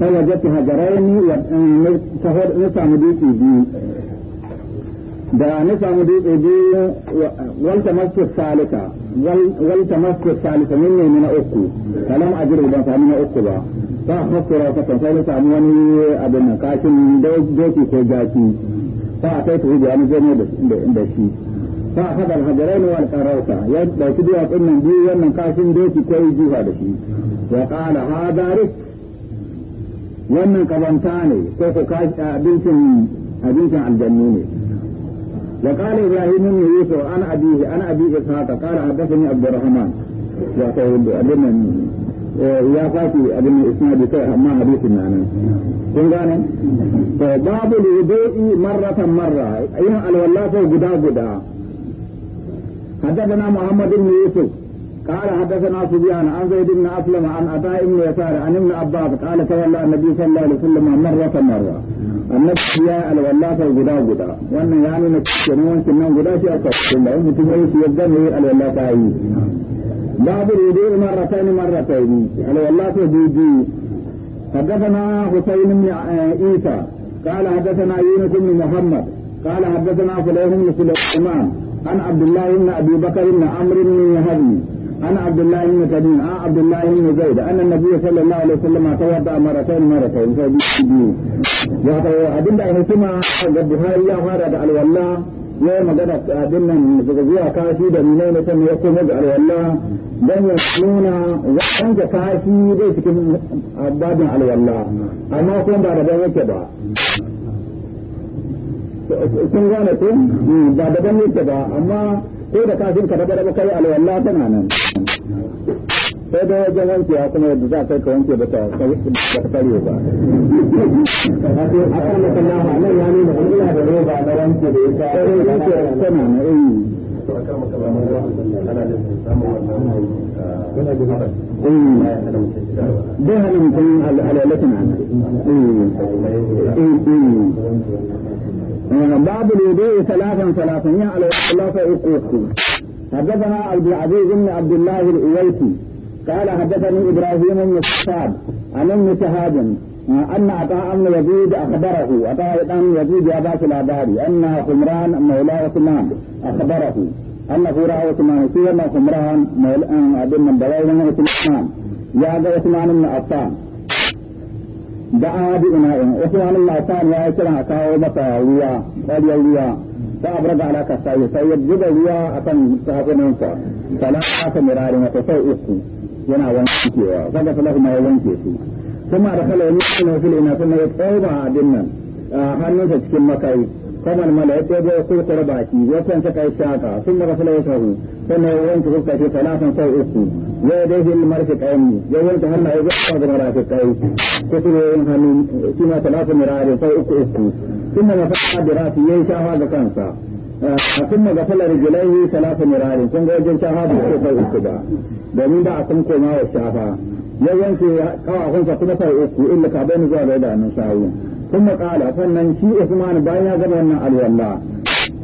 فوجدت هجرين نسع مديتي بي da na samu dutse biyu walta masjid salika walta masjid salika min ne na uku kalam jirgin ban sami na uku ba ta hasira ta kan sai samu wani abin nan kashin doki ko jaki ta a kai tuhu da zai da shi ta hadal hajarai ne wal karauta ya dauki duwatsun nan biyu wannan kashin doki ko yi jifa da shi wa ha hada wannan kabanta ne ko ko kashin abincin abincin aljanni ne وقال ابراهيم بن يوسف عن ابيه عن ابي اسحاق قال حدثني عبد الرحمن ya fashi abin isnadi kai amma hadisin na nan marra yin alwala sai guda guda حدثنا قال حدثنا سفيان عن زيد بن اسلم عن عطاء بن يسار عن ابن عباس قال تولى النبي صلى الله عليه وسلم مره مره النبي يا الولاة الغدا غدا وان يعني نكتشن وان غدا في اكثر الا ان تجي في الدم الولاة اي باب الوضوء مرتين مرتين الولاة دي حدثنا حسين بن عيسى قال حدثنا يونس بن محمد قال حدثنا فلان بن سليمان عن عبد الله بن ابي بكر بن عمرو بن هدي أنا عبد الله بن تميم أنا عبد الله بن زيد أن النبي صلى الله عليه وسلم توضأ مرتين مرتين فبيدي wato abin da hikima ga Buhari ya fara da alwalla ya yi magana abin nan daga zuwa kashi da nuna ne sannan ya komo da alwalla zai cikin babin alwalla amma kuma ba da ban yake ba kun gane ko ba da ban yake ba amma ko da kafin ka da ba kai alwalla tana nan sai da wajen wanke ya kuma yadda za kai ka wanke ta da ya nuna ina da Babu ne حدثنا عبد العزيز بن عبد الله الأويسي قال حدثني إبراهيم بن الصاد عن ابن شهاب أن عطاء بن يزيد أخبره عطاء بن يزيد ابا سلاباري أن حمران مولى عثمان أخبره ان رأى عثمان سيما حمران مولى أبن بلال عثمان يا عثمان بن عفان دعا بإناء عثمان بن عفان يا كان أكاو مكا ويا قال يا za a buraga alaka sai sai ya zuba ruwa a kan sahabinansa salama ta mirari ta sau uku yana wankewa kaga salahu ma ya wanke su kuma da kala wani cikin wasu ina sun ya tsoma a abin nan a hannunsa cikin makai kamar mala ya tsoma ya kurkura baki ya kwanta kai shaka sun da kasala ya sahu sannan ya wanke fuska ce talatan sau uku ya dai hin marfi kayanni ya wanke hannaye ya sa da marafi kai ko kuma yin hannu shi ma talatan mirari sau uku uku sun da mafaɗa da rafi ya yi shawa da kansa a sun da gafalar jilai talatan mirari sun ga wajen shawa da ke sau uku ba domin ba a san koma wa shafa ya wanke kawakunsa kuma sau uku illa ka bai zuwa ga idanun shawu kuma kala sannan shi usman bayan ya gama wannan alwallah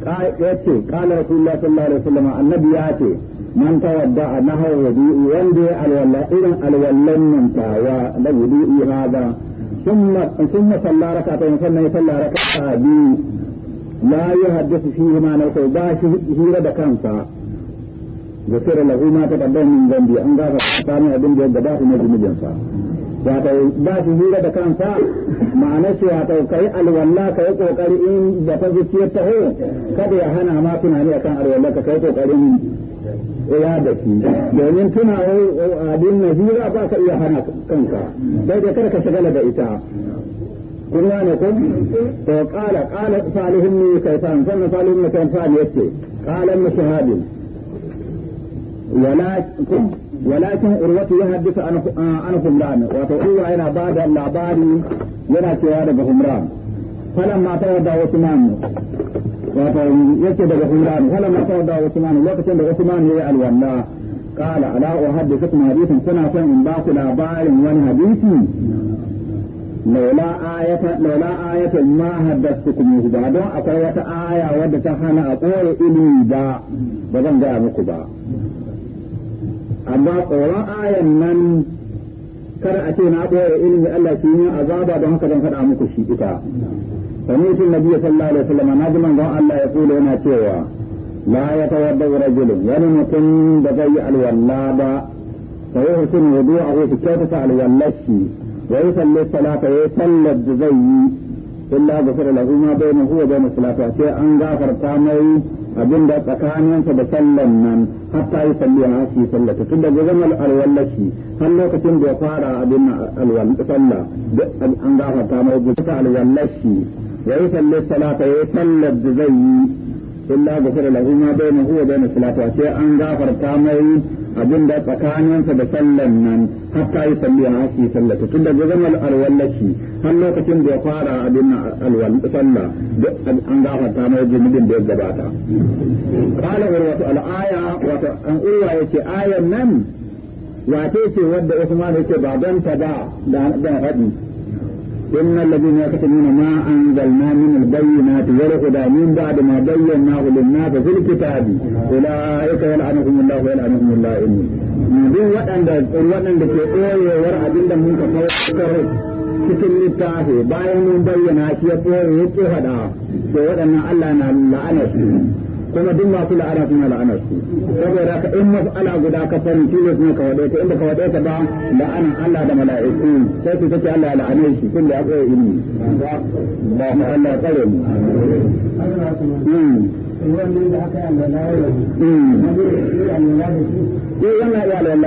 ya ce kala rasulullah sallallahu alaihi wasallam annabi ya ce man tawadda a nahar wudu'u wanda ya alwala irin alwallan nan ta tawa da wudu'u hada ثم صلى ركعتين sannan ya salla ركعة biyu لا يحدث ba shi hira da kansa da غفر له ما تقدم من ذنبي ان غفر ثاني abin da gabata na zunubin sa wato ba su hira da kansa ma'ana shi ta kai alwala ka yi kokari in da ta zuci ta ho kada ya hana ma tunani akan alwala ka kai kokarin ya da shi domin tuna abin na hira ba ka iya hana kanka sai da kada ka shagala da ita kuma ne ko to kala kala salihun ne kai san sannan salihun ne kai san yace kala mushahadin wala walakin irwatu ya haddisa an humran wato uwa yana ba da labari yana cewa daga humran falan mata yadda usman wato yake daga humran falan mata yadda usman lokacin da usman ya yi alwalla kala ala wa haddisa hadithin kuna son in ba ku labarin wani hadisi لولا آية لولا آية ما حدثتكم يهدا don akwai wata aya wadda ta hana a kore ilimi ba ba zan gaya muku ba amma tsoron ayan nan kar a ce na ɓoye ilimi Allah shi yin azaba don haka zan faɗa muku shi ita na nabiyyi sallallahu alaihi wasallam na ji manzon Allah ya kula yana cewa la ya tawaddu rajulun wani mutum da zai yi alwalla ba sai ya hukun wudu'ahu fi kyautata alwallashi wa yusalli salata ya sallar da zai yi illa ghafara lahu ma huwa wa mu salata sai an gafarta mai abinda tsakaninsa da sallan nan hatta yi salli a shi sallata tun daga zaman alwallashi har lokacin da ya fara abin alwallalla an gafarta mai gudunar alwallashi ya yi salli salata ya yi sallar da zai yi illa gafara sallar ma bai na huwa bai na salata sai an gafarta mai abin da tsakaninsa da sallan nan hatta yi salli a haƙi sallata tun da zama alwallaki har lokacin da ya fara abin alwal sallah an gafarta mai zunubin da ya gabata Kala urwatu al wato an ya yace ayan nan wato ce wadda Usman yake ba don ta ba da haɗi. إن الذين يكتمون ما أنزلنا من البينات والهدى من بعد ما بيناه للناس في الكتاب أولئك يلعنهم الله ويلعنهم اللائمين duk waɗanda waɗanda ke ɓoyewar abinda da muka kawar cikin littafi bayan mun bayyana shi ya ɓoye ya ƙi faɗa to waɗannan Allah na la'ana su kuma duk masu la'ana suna la'anar su saboda ka in mas'ala guda ka sani shi ne kuma ka waɗe ta inda ka waɗe ta ba la'ana Allah da mala'iku sai su take Allah la'ane shi tun da ya koya ilimi ba mu Allah tsare mu wannan hmm. hmm. eh, da aka yi Allah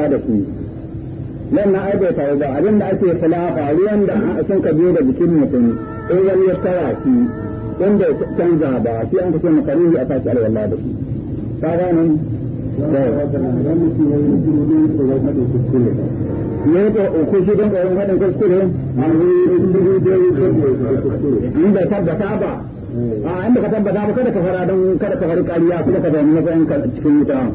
da shi nan na aibaita ba abin da ake khilafa ruwan da sun ka biyo da jikin mutum in ya tara shi wanda canza ba shi an kusa makarihi a saki alwala da shi ta gane ne ta uku shi don ƙwarin haɗin kuskure tabbata ba a inda ka tabbata ba kada ka fara don kada ka fara kuma ka zama cikin wuta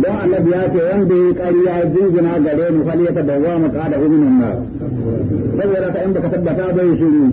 don annabi ya ce wanda ya ƙarya jingina gare mu fali ya tabbawa mu ƙada saboda ka inda ka tabbata bai shiru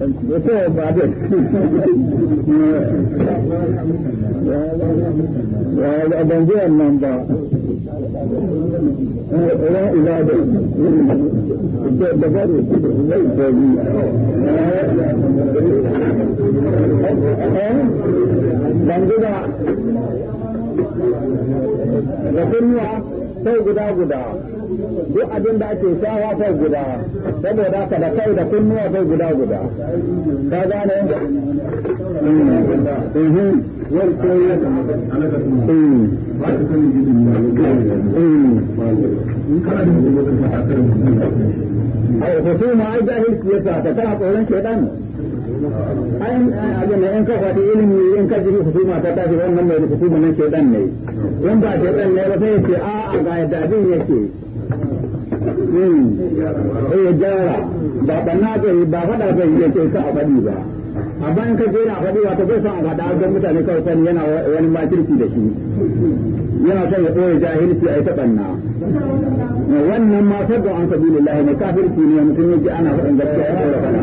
ဒီတော့ပါတဲ့ဘာလဲအတန်ကြီးအမှန်ပါအဲလားဥလာတဲ့ဒီတော့ဘာလို့လိုက်ပေါ်ပြီးအဲဘန်ကဒါလက်မရ sai guda guda duk abin da ake shawa sai guda saboda ka da kai da kunnuwa sai guda guda ka gane a wasu ta tsoron shaidan ai abin da in ka faɗi ilimi in ka jiri hukuma ta tashi wannan mai hukuma nan ke dan ne in ba ke dan ne ba sai ce a a ga yadda abin yake hmm. sai ya gyara ba ɓanna ba faɗa zai yake ka a faɗi ba amma in ka yana faɗi wata zai san a faɗa ga mutane kawai sani yana wani makirci da shi yana son ya ɓoye jahilci a yi taɓanna wannan ma sabon an sabi lillahi mai kafirci ne mutum yake ana faɗin gaskiya ya ɗora faɗa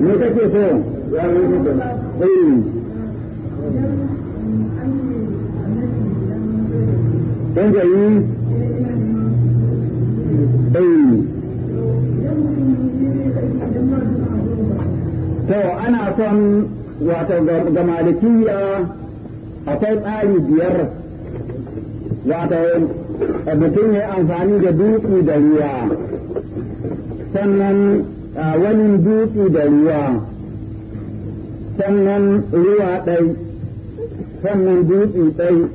me kake so eh. ɗan jayi to ana son wato ga malikiya akwai tsari biyar wato mutum ya amfani da dutse da ruwa sannan wani dutse da ruwa sannan ruwa ɗai sannan dutse ɗai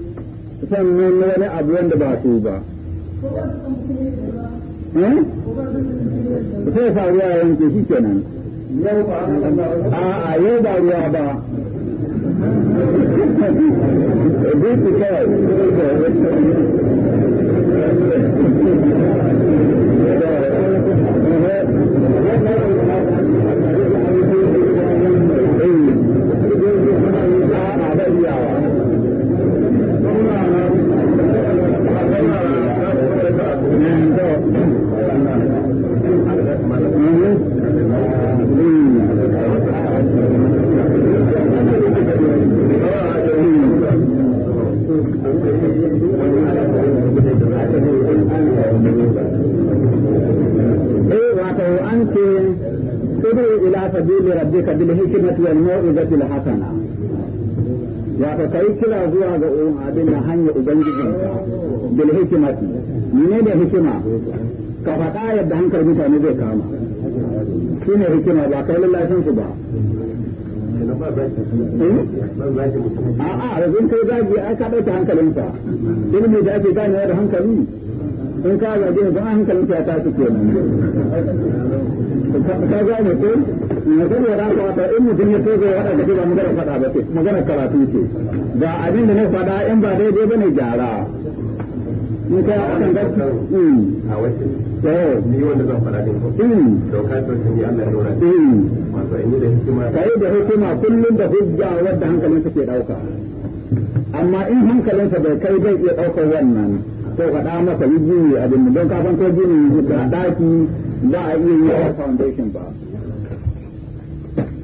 sannan wani abu wanda ba su ba Eh? sai sa ruwa wanke shi kenan a yau ba ruwa ba Zai su kawai. faɗi ne da hikima ka faɗa yadda hankar mutane zai kama shi ne hikima ba kai lallashin su ba eh? a'a yanzu kai zagi ai ka ɗauke hankalinsa ilimi da ake ganewa da hankali in ka zage ne don hankalin ta tashi kenan ka gane ko na saboda ka ta in mutum ya tozo ya da ba magana faɗa ba ce magana karatu ce ga abin da na faɗa in ba daidai ba ne gyara in ka kan ga mm. a wace ni wanda zan fara din ko dauka mm. to ni Allah ya dora mm. wato in da hikima kai da hikima kullun da hujja wadda hankalin ke dauka amma in hankalinsa bai kai bai iya daukar wannan to da masa yi jini abin don kafin ko jini ga daki ba a iya yi foundation ba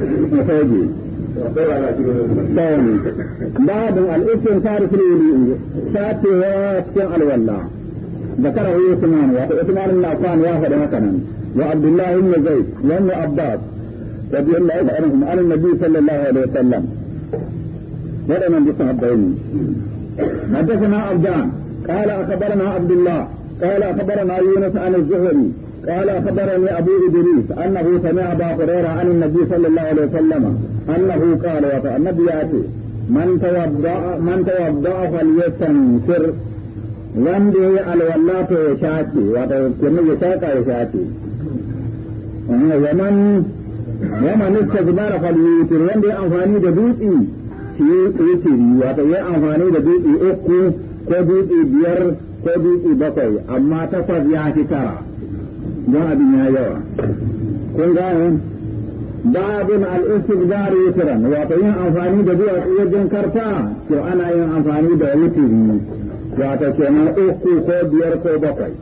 فيجوز ثاني باب الاستنكار في الولي شاتي واتي الولا ذكره عثمان وعثمان بن عفان واحد مثلا وعبد الله بن زيد وابن عباس رضي الله عنهم عن النبي صلى الله عليه وسلم ولنا بصحب علمي حدثنا عبدان قال اخبرنا عبد الله قال اخبرنا يونس عن الزهري قال أخبرني أبو إدريس أنه سمع أبا هريرة عن النبي صلى الله عليه وسلم أنه قال النبي يأتي من توضأ من توضأ فليستنكر wanda ya yi alwallata ya shafe wata kenan dutse wata ya amfani biyar ko amma takwas ya fi tara don abin ya yawa kun gane babin al'istigbar wutiran wato yin amfani da duwatsu wajen karfa to ana yin amfani da wutiri wato kenan uku ko biyar ko bakwai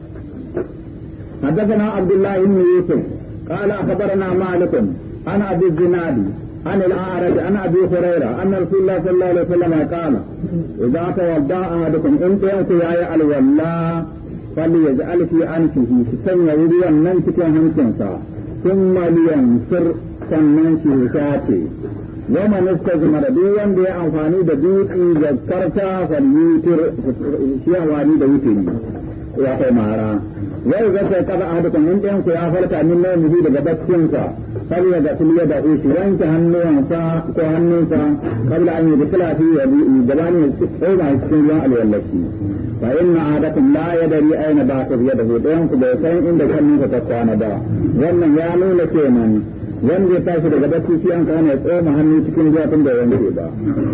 حدثنا عبد الله بن يوسف قال اخبرنا مالك عن ابي الزناد عن الاعرج عن ابي هريره ان رسول الله صلى الله عليه وسلم قال اذا توضا احدكم ان الولاء fali ya ja'al fi anfihi shi sanya ruwan nan cikin hancinsa sun maliyan sir sannan shi ya wa man istazmara duk wanda ya amfani da dutse zakkarta fal shi amfani da wutiri ya kai mara yau zai sai kaza ahadukum in ɗayan ku ya farka min nan muhi daga baccinsa kabla da kuliya da shi wanke sa ko hannunsa kabla an yi dukula fi ya bi gabanin tsoma cikin ruwan alwallafi fa inna ahadakum la yadri aina ba ta yadahu ɗayan ku bai san inda kannunsa ta kwana ba wannan ya nuna kenan wanda ya tashi daga bacci shi an kana ya tsoma hannu cikin ruwa tun da wanke ba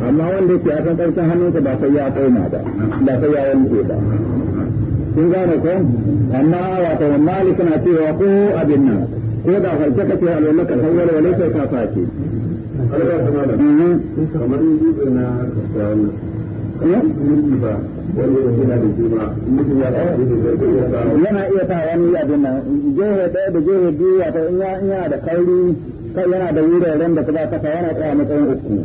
amma wanda ke a kan karshen hannunsa ba sai ya tsoma ba ba sai ya wanke ba kin gane ko amma wato malik na cewa ko abin nan ko da farce ka ce alwala ka san wala sai ka kamar yi da jihe biyu yana da kauri da wuraren da ka ba yana tsaya matsayin uku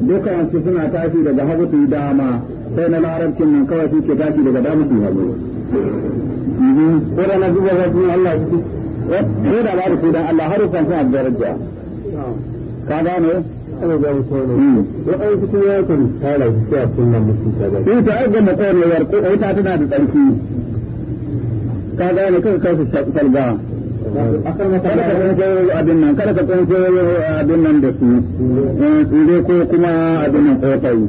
dukansu suna tashi daga hagu dama sai na larabcin nan kawai su ke tashi daga damu su hagu mhm. ko da na zuba wasu Allah su ko da babu su dan Allah harufan suna daraja ka gane Ko mhm. waɗansu kuma ya kan tara su a sunan musu ta gani. Ita ai gama ƙorewar ko ita tana da tsarki. Ka gane kai kai su salga. abin nan kada ka kwanso abin nan da su tsire eh, ko kuma abin nan tsofayi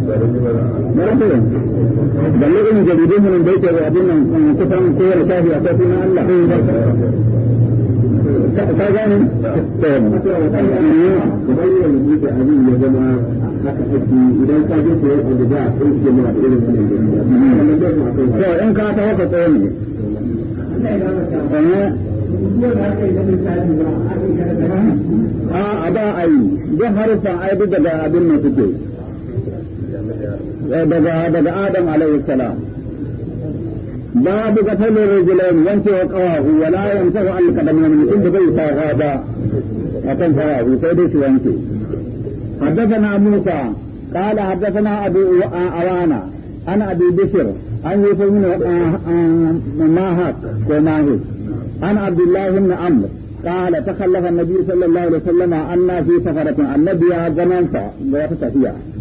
balle irin jaridun nan da yake abin nan kowane na Allah idan ka ta ne a ba a yi don harufan ai daga abin nan ke daga daga adam alaihi salam babu gafan rijilan wanke wa qawahu wa la yamsahu al qadamayn min bai saha ba akan fara yi sai dai wanke haddathana musa kala haddathana abu awana ana abu bishr an yafa ah, ah, na mahak ko mahi an abdullah ibn amr قال تخلف النبي صلى الله عليه وسلم عنا في سفرة النبي عز وجل tafiya.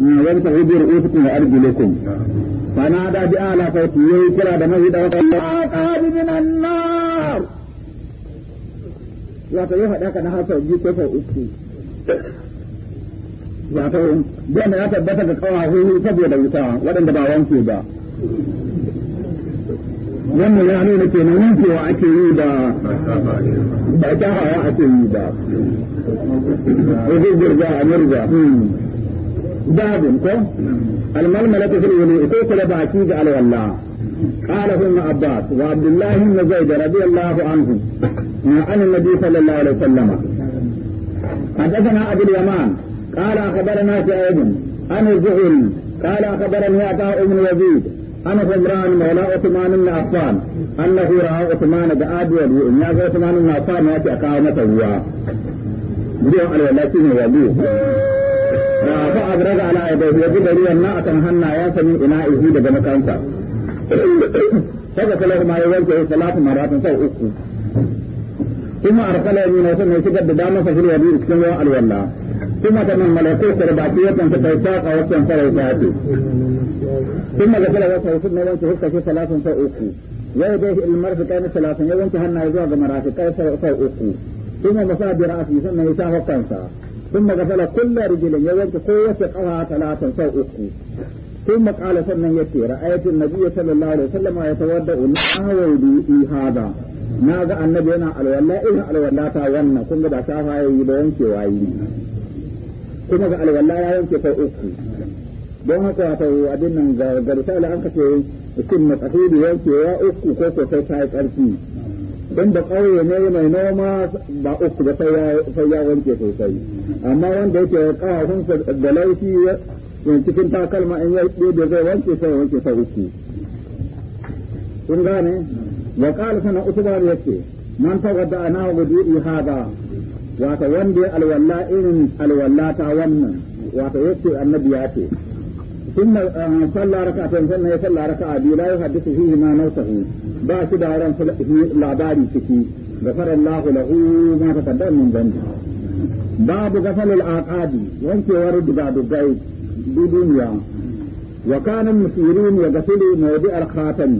وابتغوا برؤوسكم وارجلكم فنادى بأعلى da ya faɗa ka na ko sau uku ya tabbata ga kawahu saboda wuta waɗanda ba wanke ba wannan ya nuna kenan wankewa ake yi da ba ta ake yi ba. Zai girga a باب كو الململة في الولي كوكل باكيز على والله قال ابن عباس وعبد الله بن زيد رضي الله عنه عن النبي صلى الله عليه وسلم حدثنا ابو اليمان قال اخبرنا شعيب عن الزهري قال اخبرني عطاء بن يزيد عن عمران مولى عثمان بن عفان انه راى عثمان بآب يدعو يا عثمان بن عفان ياتي اقامه الرواء. بدون الولاء والوضوء fa abraga ala aidai ya zuba ruwan nan akan hannayensa min ina'ihi daga makansa ya wanke salatu maratun sau uku kuma shigar da damar sa shirya biyu cikin ruwan kuma ta nan da baki ya tanta kai sa a wasan sarai ta kuma ga sun na wanke hukka shi salatun sau uku yau dai ilmar kai salatun ya wanke hannaye zuwa ga marafikai sau uku kuma bi ra'asi sannan ya sa hukkansa ثم غسل كل رجل يوانك قوة قوها ثلاثا سو أكو ثم قال سنة يتي رأيت النبي صلى الله عليه وسلم يتودأ da وضوئي هذا na ga annabi yana alwala irin alwala wannan kun ga shafa ya yi da yanke wayi kuma ga alwala ya wanke kai uku don haka wato abin nan ga ga risala an kace sun matsahiri yankewa uku ko sosai sai ta yi tsarki da ƙauye ne mai noma ba uku da sai ya wanke sosai amma wanda yake kawafin da laushi cikin takalma in ya da zai wanke sai wanke sai uku kun gane wa qala sana utbar yake man wadda ana wudu'i hada wato wanda alwalla irin alwalla ta wannan wato yake annabi ya ce ثم صلى ركعتين ثم يصلى ركعة بي لا يحدث فيه ما موته باشي دارا لاباري تكي غفر الله له ما تقدم من ذنبه باب غفل العقاد وانت ورد بعد الزيت بدنيا وكان المسيرين يغسل موضع الخاتم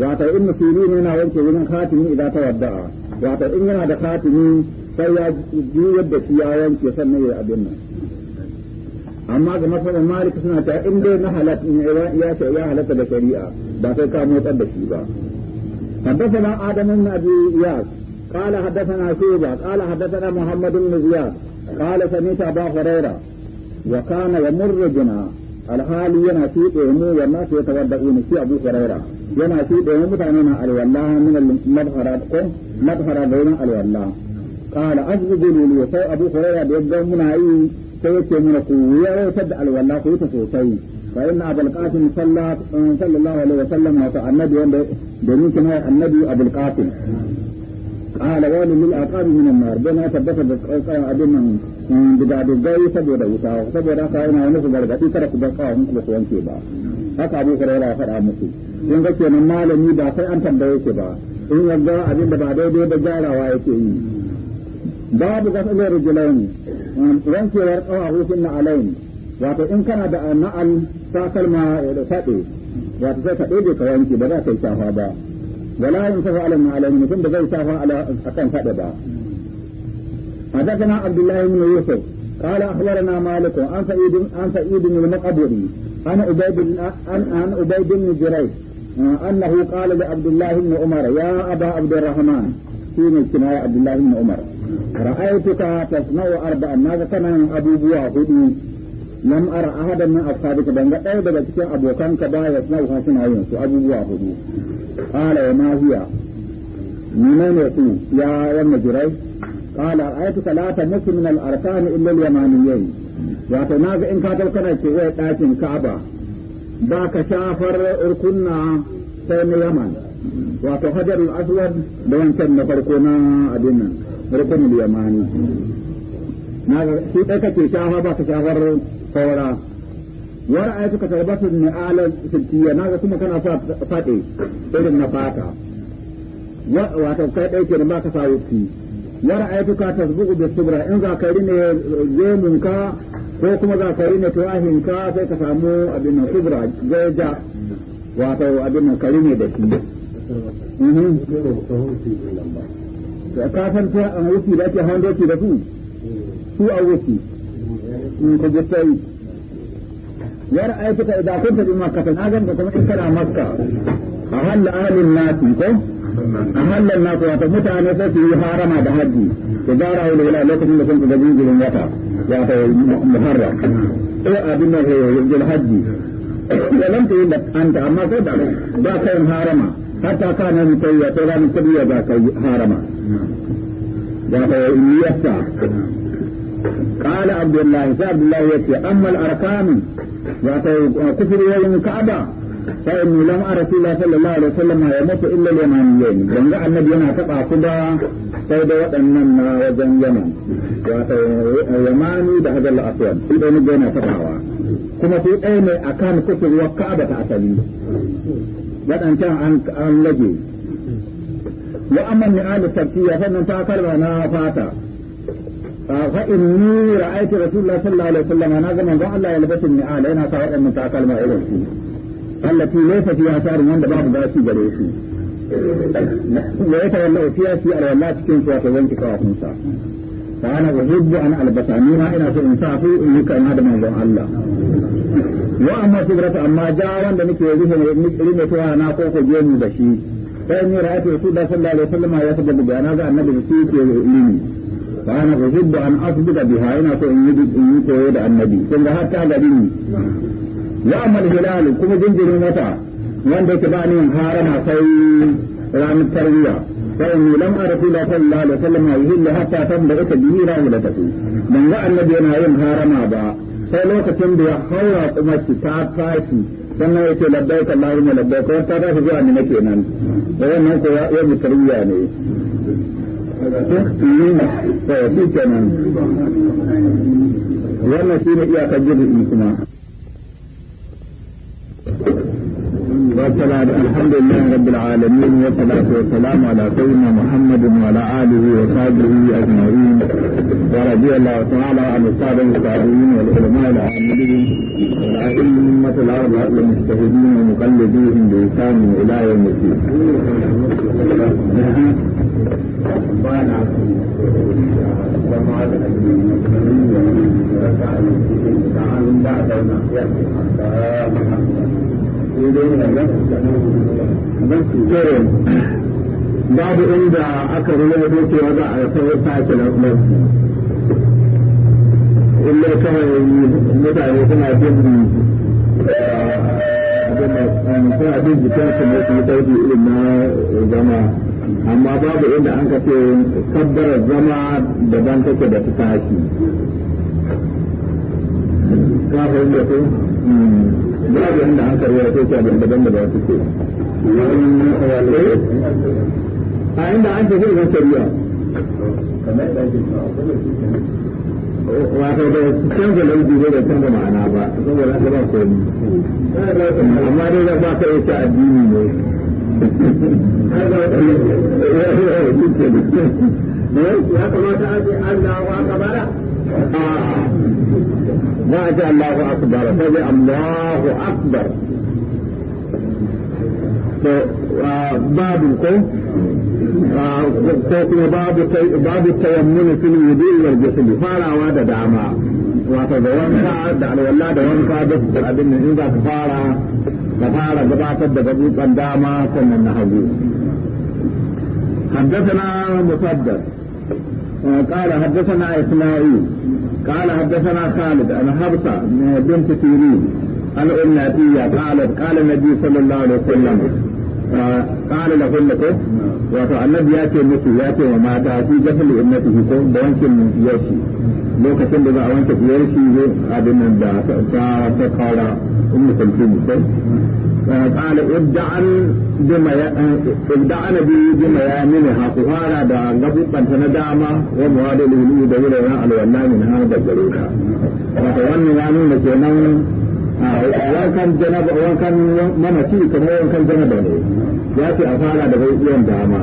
wato in musulmi ne na wanke wurin khatimi idan ta wadda'a wato in yana da khatimi sai ya juyar da shi ya wanke sannan ya abin nan amma ga masalan malik suna ta in dai na halat ya ce ya halatta da shari'a ba sai ka motsar da shi ba حدثنا آدم بن أبي إياس قال حدثنا شيبة قال حدثنا محمد بن زياد قال سمعت أبا هريرة وكان يمر بنا الحال ينا في قومه والناس يتوضؤون في أبو هريرة ينا في قومه تعمنا الوالله من المظهرات مظهر بين الوالله قال أجب لي سو أبو هريرة بيبدو منعي sai yake mana ku yawaitar da alwala ku yi ta sosai fa inna abul qasim eh, sallallahu alaihi wa sallam wa annabi wanda domin kuma annabi abul qasim qala wa lil aqabi min an-nar dan ya tabbata da tsaukan abin nan eh, daga dogai saboda wuta saboda ka ina wani gargadi kada ku bar kawun ku ku wanke ba haka abu kare ya fada muku in ga kenan malami ba sai an tambaye ke ba in yadda abin da ba daidai da jarawa yake yi babu gasalar rijlain wankewar kawahu na alain wato in kana da ma'al takalma da fade wato sai ka dade ka wanke ba za ka yi safa ba wala yin safa ala ma'alain mutum da zai safa ala akan fade ba a عبد abdullahi بن يوسف قال اخبرنا مالك an سعيد عن سعيد بن المقبري عن عبيد عن عن عبيد shine kinaya Abdullahi ibn Umar ra'aytuka tasna'u arba'an na ga kana abubuwa hudu lam ara ahadan min ashabika ban ga ɗaya daga cikin abokanka ba ya sanau ha suna yin su abubuwa hudu qala ya ma menene su ya wannan jirai qala ra'aytuka la tamutu min al-arkan illa al-yamaniyyin wato na ga in ka kana ke wai ɗakin Ka'aba ba ka shafar urkunna sai na Yaman wato hajar aswad da wancan na farko na abin nan rukunul yamani na shi dai kake shafa ba ka shafar saura war ayatu ka tarbatu ne ala sirtiya na ga kuma kana faɗe irin na fata wato kai dai kenan ba ka sa wuti war ayatu ka tasbuku da subra in za ka rine gemun ka ko kuma za ka rine tuwahin ka sai ka samu abin nan subra ja wato abin nan ka rine da shi ka san ta an wuce da ke hawan doki da su su a wuce in ka je sai yar aikuka idan kunta bi makka na ga kuma in kana makka a halla ahlin nasi ko a hallan nasu wata mutane sai su yi harama da haji da zara wani wula lokacin da sun ga jirgin wata wata muharram ko abin da ya yi haji da lantar yi da an ta amma ko da ba ka harama har ta kana yi wa tsoron kudi ya ka yi harama. Ba ka yasta. Kala Abdullahi sai ya ce ammal arkanu ba ka yi kufuriyoyin ka'aba. Sai mu lam arasi la sallallahu alaihi wasallam ya mutu illa liman yayin dan ga yana taba ku da sai da waɗannan na wajen yaman. Ya ta yamani da hadal aswan idan yana tabawa. kuma sai ɗaya ne a kan kusurwar ka'aba ta asali waɗancan an lage wa amma ni alu tafiya sannan ta kalba na fata fa inni ra'aytu rasulullahi sallallahu alaihi wasallam na ga manzon Allah ya labata ni ala yana sa waɗannan ta kalma irin su allati laysa fiha sharun wanda babu gashi gare shi wa yata wallahu fiha fi arwala cikin su ta wanke kawafinsa قال أحب أن ألبس أميرا إلى أن إنصافي إنك إن هذا من الله وأما سبرة أما جاء وأن نكي يجيه نكرم يتوى أنا فوق جيم بشي فإني رأيت رسول الله صلى الله عليه وسلم يسبب أن نبي فيك يؤلمي فأنا أحب أن أصدق بها إن إن يتوى النبي ثم تعالى بني وأما الهلال كم جنجل متى وأن تبعني هارنا سي رام التربيه فإني لم أر رسول الله صلى الله عليه aka يهل حتى تنبغت به راحلته من ذا النبي أنا يوم هارما با فلوكتين بيا حورا قمت ta tashi sannan yake labbaik Allahumma labbaik ko ta tashi zuwa ne kenan da wannan ko ya mutarwiya ne to kenan wannan shine iyakar jirgin kuma والصلاة الحمد لله رب العالمين والصلاة والسلام على سيدنا محمد وعلى آله وصحبه أجمعين ورضي الله تعالى عن الصحابة التابعين والعلماء العاملين والأئمة الأربعة المجتهدين ومقلديهم بإحسان إلى يوم الدين. بعد babu inda aka ruwa cewa za a sai sake na kuma illa kawai mutane suna bin suna bin jikin su ne su ɗauki irin na zama amma babu inda an ka ce kabbarar zama daban take da ta tashi ka fahimta ko hmm. ba da inda an karwa ko ko daban da ba su ce eh? a inda an ce zai shari'a wato da canza lauji ne da canza ma'ana ba saboda haka ba komi amma dai da ba ka addini ne ya kamata a ce wa ce Allahu Akbar ba ce Allahu Akbar. babu ko ko babu kai babu tayammun fil wudu'i wal ghusl farawa da dama wato da wanka da alwala da wanka da abin nan za ka fara ka fara gabatar da babu kan dama sannan na hagu حدثنا مسدد قال حدثنا اسماعيل قال حدثنا خالد عن حفصة بنت سيرين الأمناتية قالت قال النبي صلى الله عليه وسلم قال لهن annabi ya ce musu ya ce wa mata fi jahli ummatihi da wankin yashi lokacin da za a wanke diyar shi ne abin nan da ta ta قال ابدعن بما ابدعن بما يمين حقوارا da gabuban na dama wa muhadalulu da wuraren alwala min hada gareka wato wannan ya nuna nan. wankan janaba wankan mamaci kamar wankan janaba ne ya ce a fara da gaisuwan dama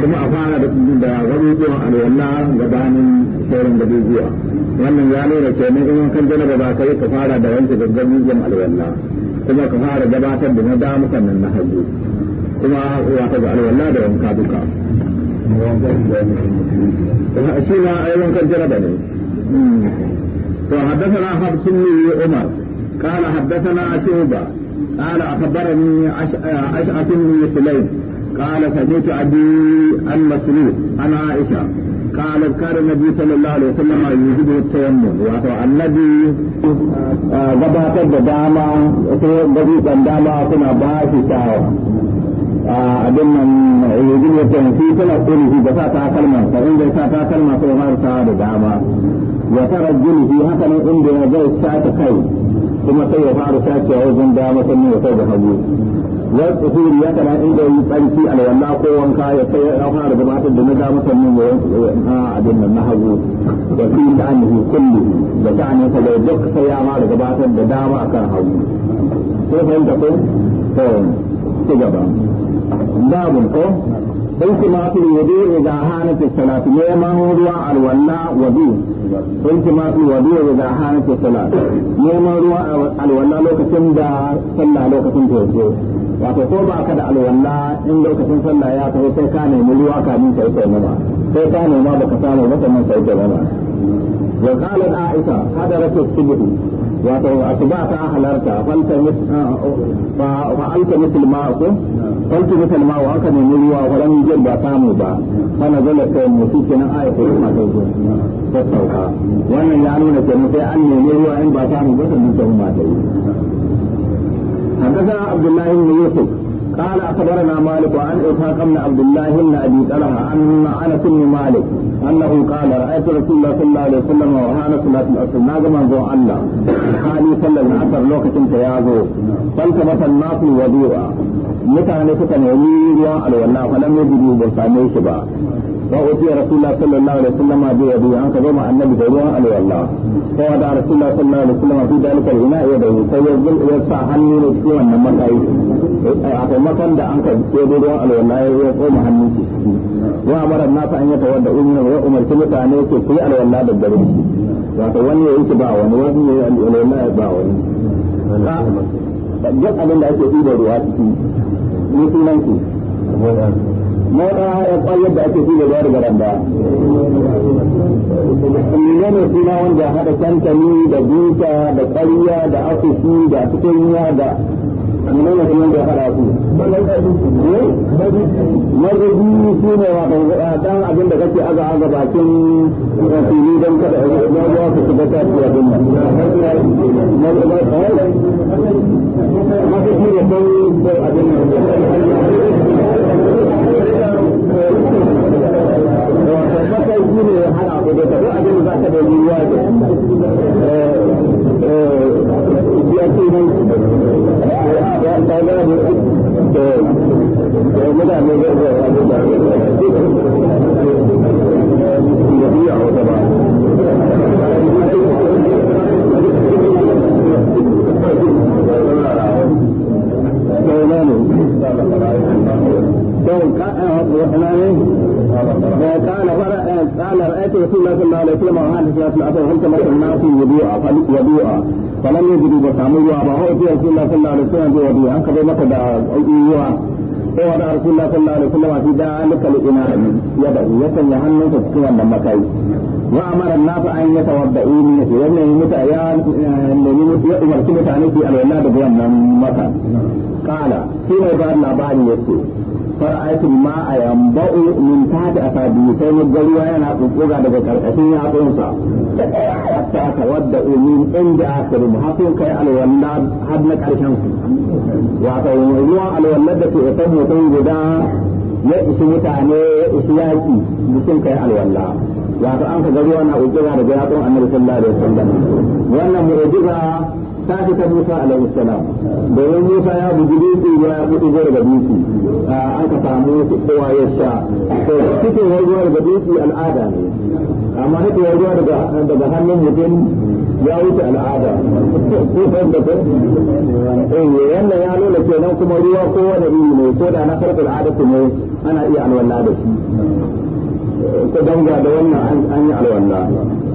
kuma a fara da gaisuwan alwala gabanin sauran zuwa. wannan ya nuna kenan in wankan janaba ba ka yi ka fara da wanke gaggabin alwala kuma ka fara gabatar da na dama sannan na hagu kuma wata ga alwala da wanka duka shi ma ai wankan janaba ne to حدثنا حفص بن Umar. قال حدثنا شعبة قال أخبرني أشعث بن سليم قال سمعت أبي المسلوق عن عائشة قال كان النبي صلى الله عليه وسلم يجب التيمم واتو النبي gabatar da dama sai gabitan dama suna ba shi abin nan yajin ya tanfi suna tsirifi da sa takalman sa inda ya sa takalma sai har sa da dama ya fara jilifi haka nan inda zai sa kai kuma sai ya fara sace wajen dama sannan ya kai da hagu wasu ya kana inda yi tsarki wanda ko wanka ya sai ya fara gabatar da na ga masa min ya a abin nan na hagu da fi da an yi kullu da ta ne sai duk sai ya da gabatar da dama akan hagu ko fahimta ko to ci gaba babun ko التماس الوضوء إذا هانت الصلاة يوما روى الولاء وضوء التماس الوضوء إذا هانت الصلاة يوما ne الولاء لو كتم دا صلى لو lokacin توجه wato ko ba ka da alwala in lokacin sallah ya taho sai ka nemi ruwa kamin ka yi sai ka nema baka samu ba sannan ka yi wa aisha haɗa as-subhi wato asuba ta halarta falta ba fa alka musulma ko falta musulma wa aka nemi ruwa ran jin ba samu ba kana zalla kai su kenan aya ko ma ta zo ta sauka wannan ya nuna cewa sai an ne ruwa in ba samu ba mu ta umma ta yi hadathana abdullahi ne yusuf قال أخبرنا مالك عن إسحاق بن عبد الله بن أبي طلحة أن أنس بن مالك أنه قال رأيت رسول الله صلى الله عليه وسلم وهان صلاة العصر ناجم أنظر الله قال صلى العصر لوكة تيازو فالتبس الناس الوضوء mutane suka nemi ruwa alwala fa lam yajidu ba same shi ba wa uti rasulullah sallallahu alaihi wasallam bi yadi an ka zama annabi da ruwan alwala fa wa da rasulullah sallallahu alaihi wasallam fi dalika al kuma da an ka ce don alwala ya koma hannun su ciki wa amara nasa an yata wadda umar ya umarci mutane ke ku yi alwala da dare wato wani ya yi ba wani wani ya yi alwala ya ba wani duk abin da ake ɗiba ruwa ciki ni sunan ku mota ya kwai da ake da ruwa daga randa ne ne suna wanda haɗa kankani da duka da ƙarya da asusu da tukunya da annan ya fiye da fara su ne wa eh, dan abin da kake aza aza bakin fili don kada ya zuwa su shiga ta fiye nan قال كلمة عن سيرة الأثر هل تمت الناس يبيع يبيع فلم يجدوا بسامي وأباه في رسول الله صلى الله عليه وسلم يبيع كبر مكة يبيع ووضع رسول الله صلى الله عليه وسلم في ذلك الإناء يده يسن يهنه تسكيا لما كي وأمر الناس أن يتوضئوا من يسيرنا يمتع يأمر سمتعني في الولاد بأن مكة قال فيما يبعد لبعض يسير fara'aitu ma a yamba'u min tati asabi sai mu ga ruwa yana tsotsoga daga karkashin yatsunsa hatta aka wadda umin inda akhiru hafin kai alwalla har na karshen su wato ruwan alwalla da ke ta mutum guda ya isi mutane ya isi yaki bikin kai alwalla ta an ka ga ruwa na tsotsoga daga yatsun annabi sallallahu alaihi wasallam wannan mu'jiza ta fi ta Musa alaihi salam domin Musa ya bujiri ya mutu zuwa daga an ka samu kowa ya sha to cikin warzuwa daga biki al'ada ne amma daga daga hannun mutum ya wuce al'ada eh ya kenan kuma ruwa ko wani iri ne ko da na farko al'ada ne ana iya alwala da shi ko danga da wannan an yi alwala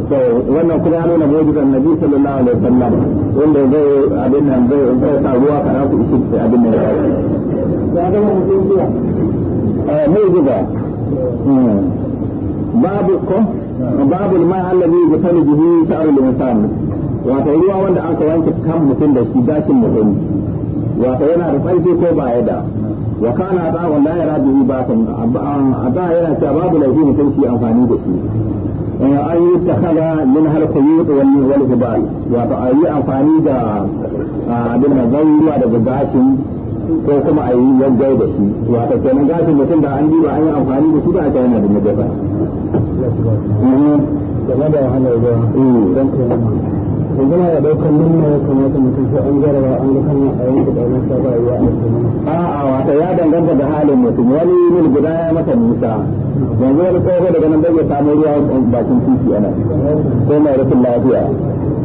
to wannan kuma ya nuna mu'jizan nabi sallallahu alaihi wasallam wanda zai abin nan zai zai sa ruwa kana ku ishi abin nan ya ga mutum jiya eh mu'jiza hmm. babu ko babu ma allazi yusali bihi sa'ar al-insan wato ruwa wanda aka wanke kan mutum da shi gashin mutum wato yana da tsarki ko ba ya da wa kana da wa la yara bi ba san ada yana cewa babu laifi mutum shi amfani da shi eh, an yi takala min hal quyut wal wal wani wa ba ayi amfani da abin da zauriya da gashin ko kuma ayi yi da shi wato kenan gashin mutum da an diba an yi amfani da shi ba aka yana da najasa game yanzu na da daukar nuna ya kamata mutum sai an jarawa an ga kan a yanke da wani sa ba a wata ya danganta da halin mutum wani mil guda ya mata nisa yanzu wani tsoho daga nan bai samu ruwa bakin titi ana ko mai rufin lafiya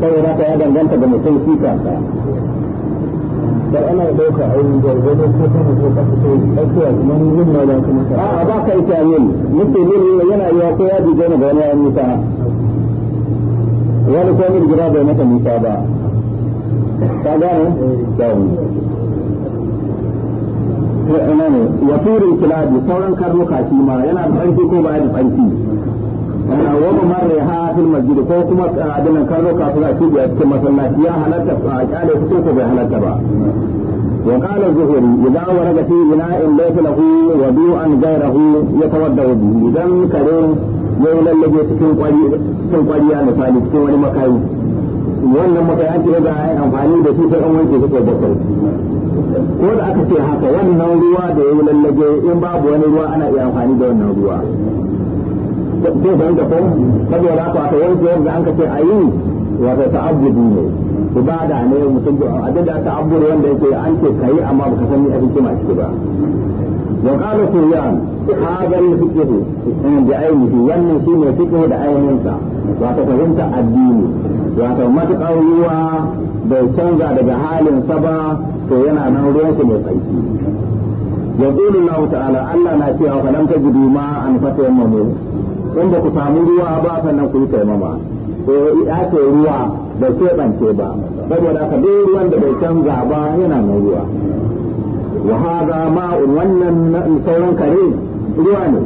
saboda ka ya danganta da mutum shi da ana dauka ainihin jargado ko ta mutu ka fito kuma yin ma da kuma ta a ba ka yi ta yin mutum yana yi ko ya jije na ga wani ya nisa wani komi da gida bai mata nisa ba ta gane yawon eh, ne ya turi kiladi sauran karnuka shi ma yana da tsanki ko ba da tsanki yana eh, wani marar ya hafin majidu ko kuma eh, adinan karnuka su za su biya cikin masallaci ya halarta a kyale su ko bai halatta ba wa kala zuhuri idan waraga fi ina in laifi lahu wa biyu an gaira hu ya tawadda wa biyu idan kare ya nan lallabe cikin kwariya misali cikin wani makayi wannan makayi an ce a yi amfani da su sai an wanke kai bakwai ko da aka ce haka wannan ruwa da ya yi lallabe in babu wani ruwa ana iya amfani da wannan ruwa sai da ko saboda haka wata wanke yadda an ka ce a yi wata ta'abudu ne ibada ne mutum da abin da aka abure wanda yake an ce kai amma baka san me abin kima shi ba wa qala suyan hada al-fiqh in bi aynihi wannan shine fiqh da ayninsa wato fahimta addini wato matakar ruwa bai canza daga halin ba to yana nan ruwan su mai tsarki yaqulu Allah ta'ala Allah na cewa falam tajidu ma an fatayammamu in ba ku samu ruwa ba sannan ku yi taimama to ya ce ruwa bai keɓance ba saboda ka duk ruwan da bai canza ba yana mai ruwa wa hada ma wannan sauran kare ruwa ne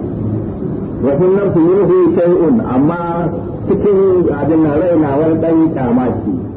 wa sun yuhu shay'un amma cikin abin na raina wani dan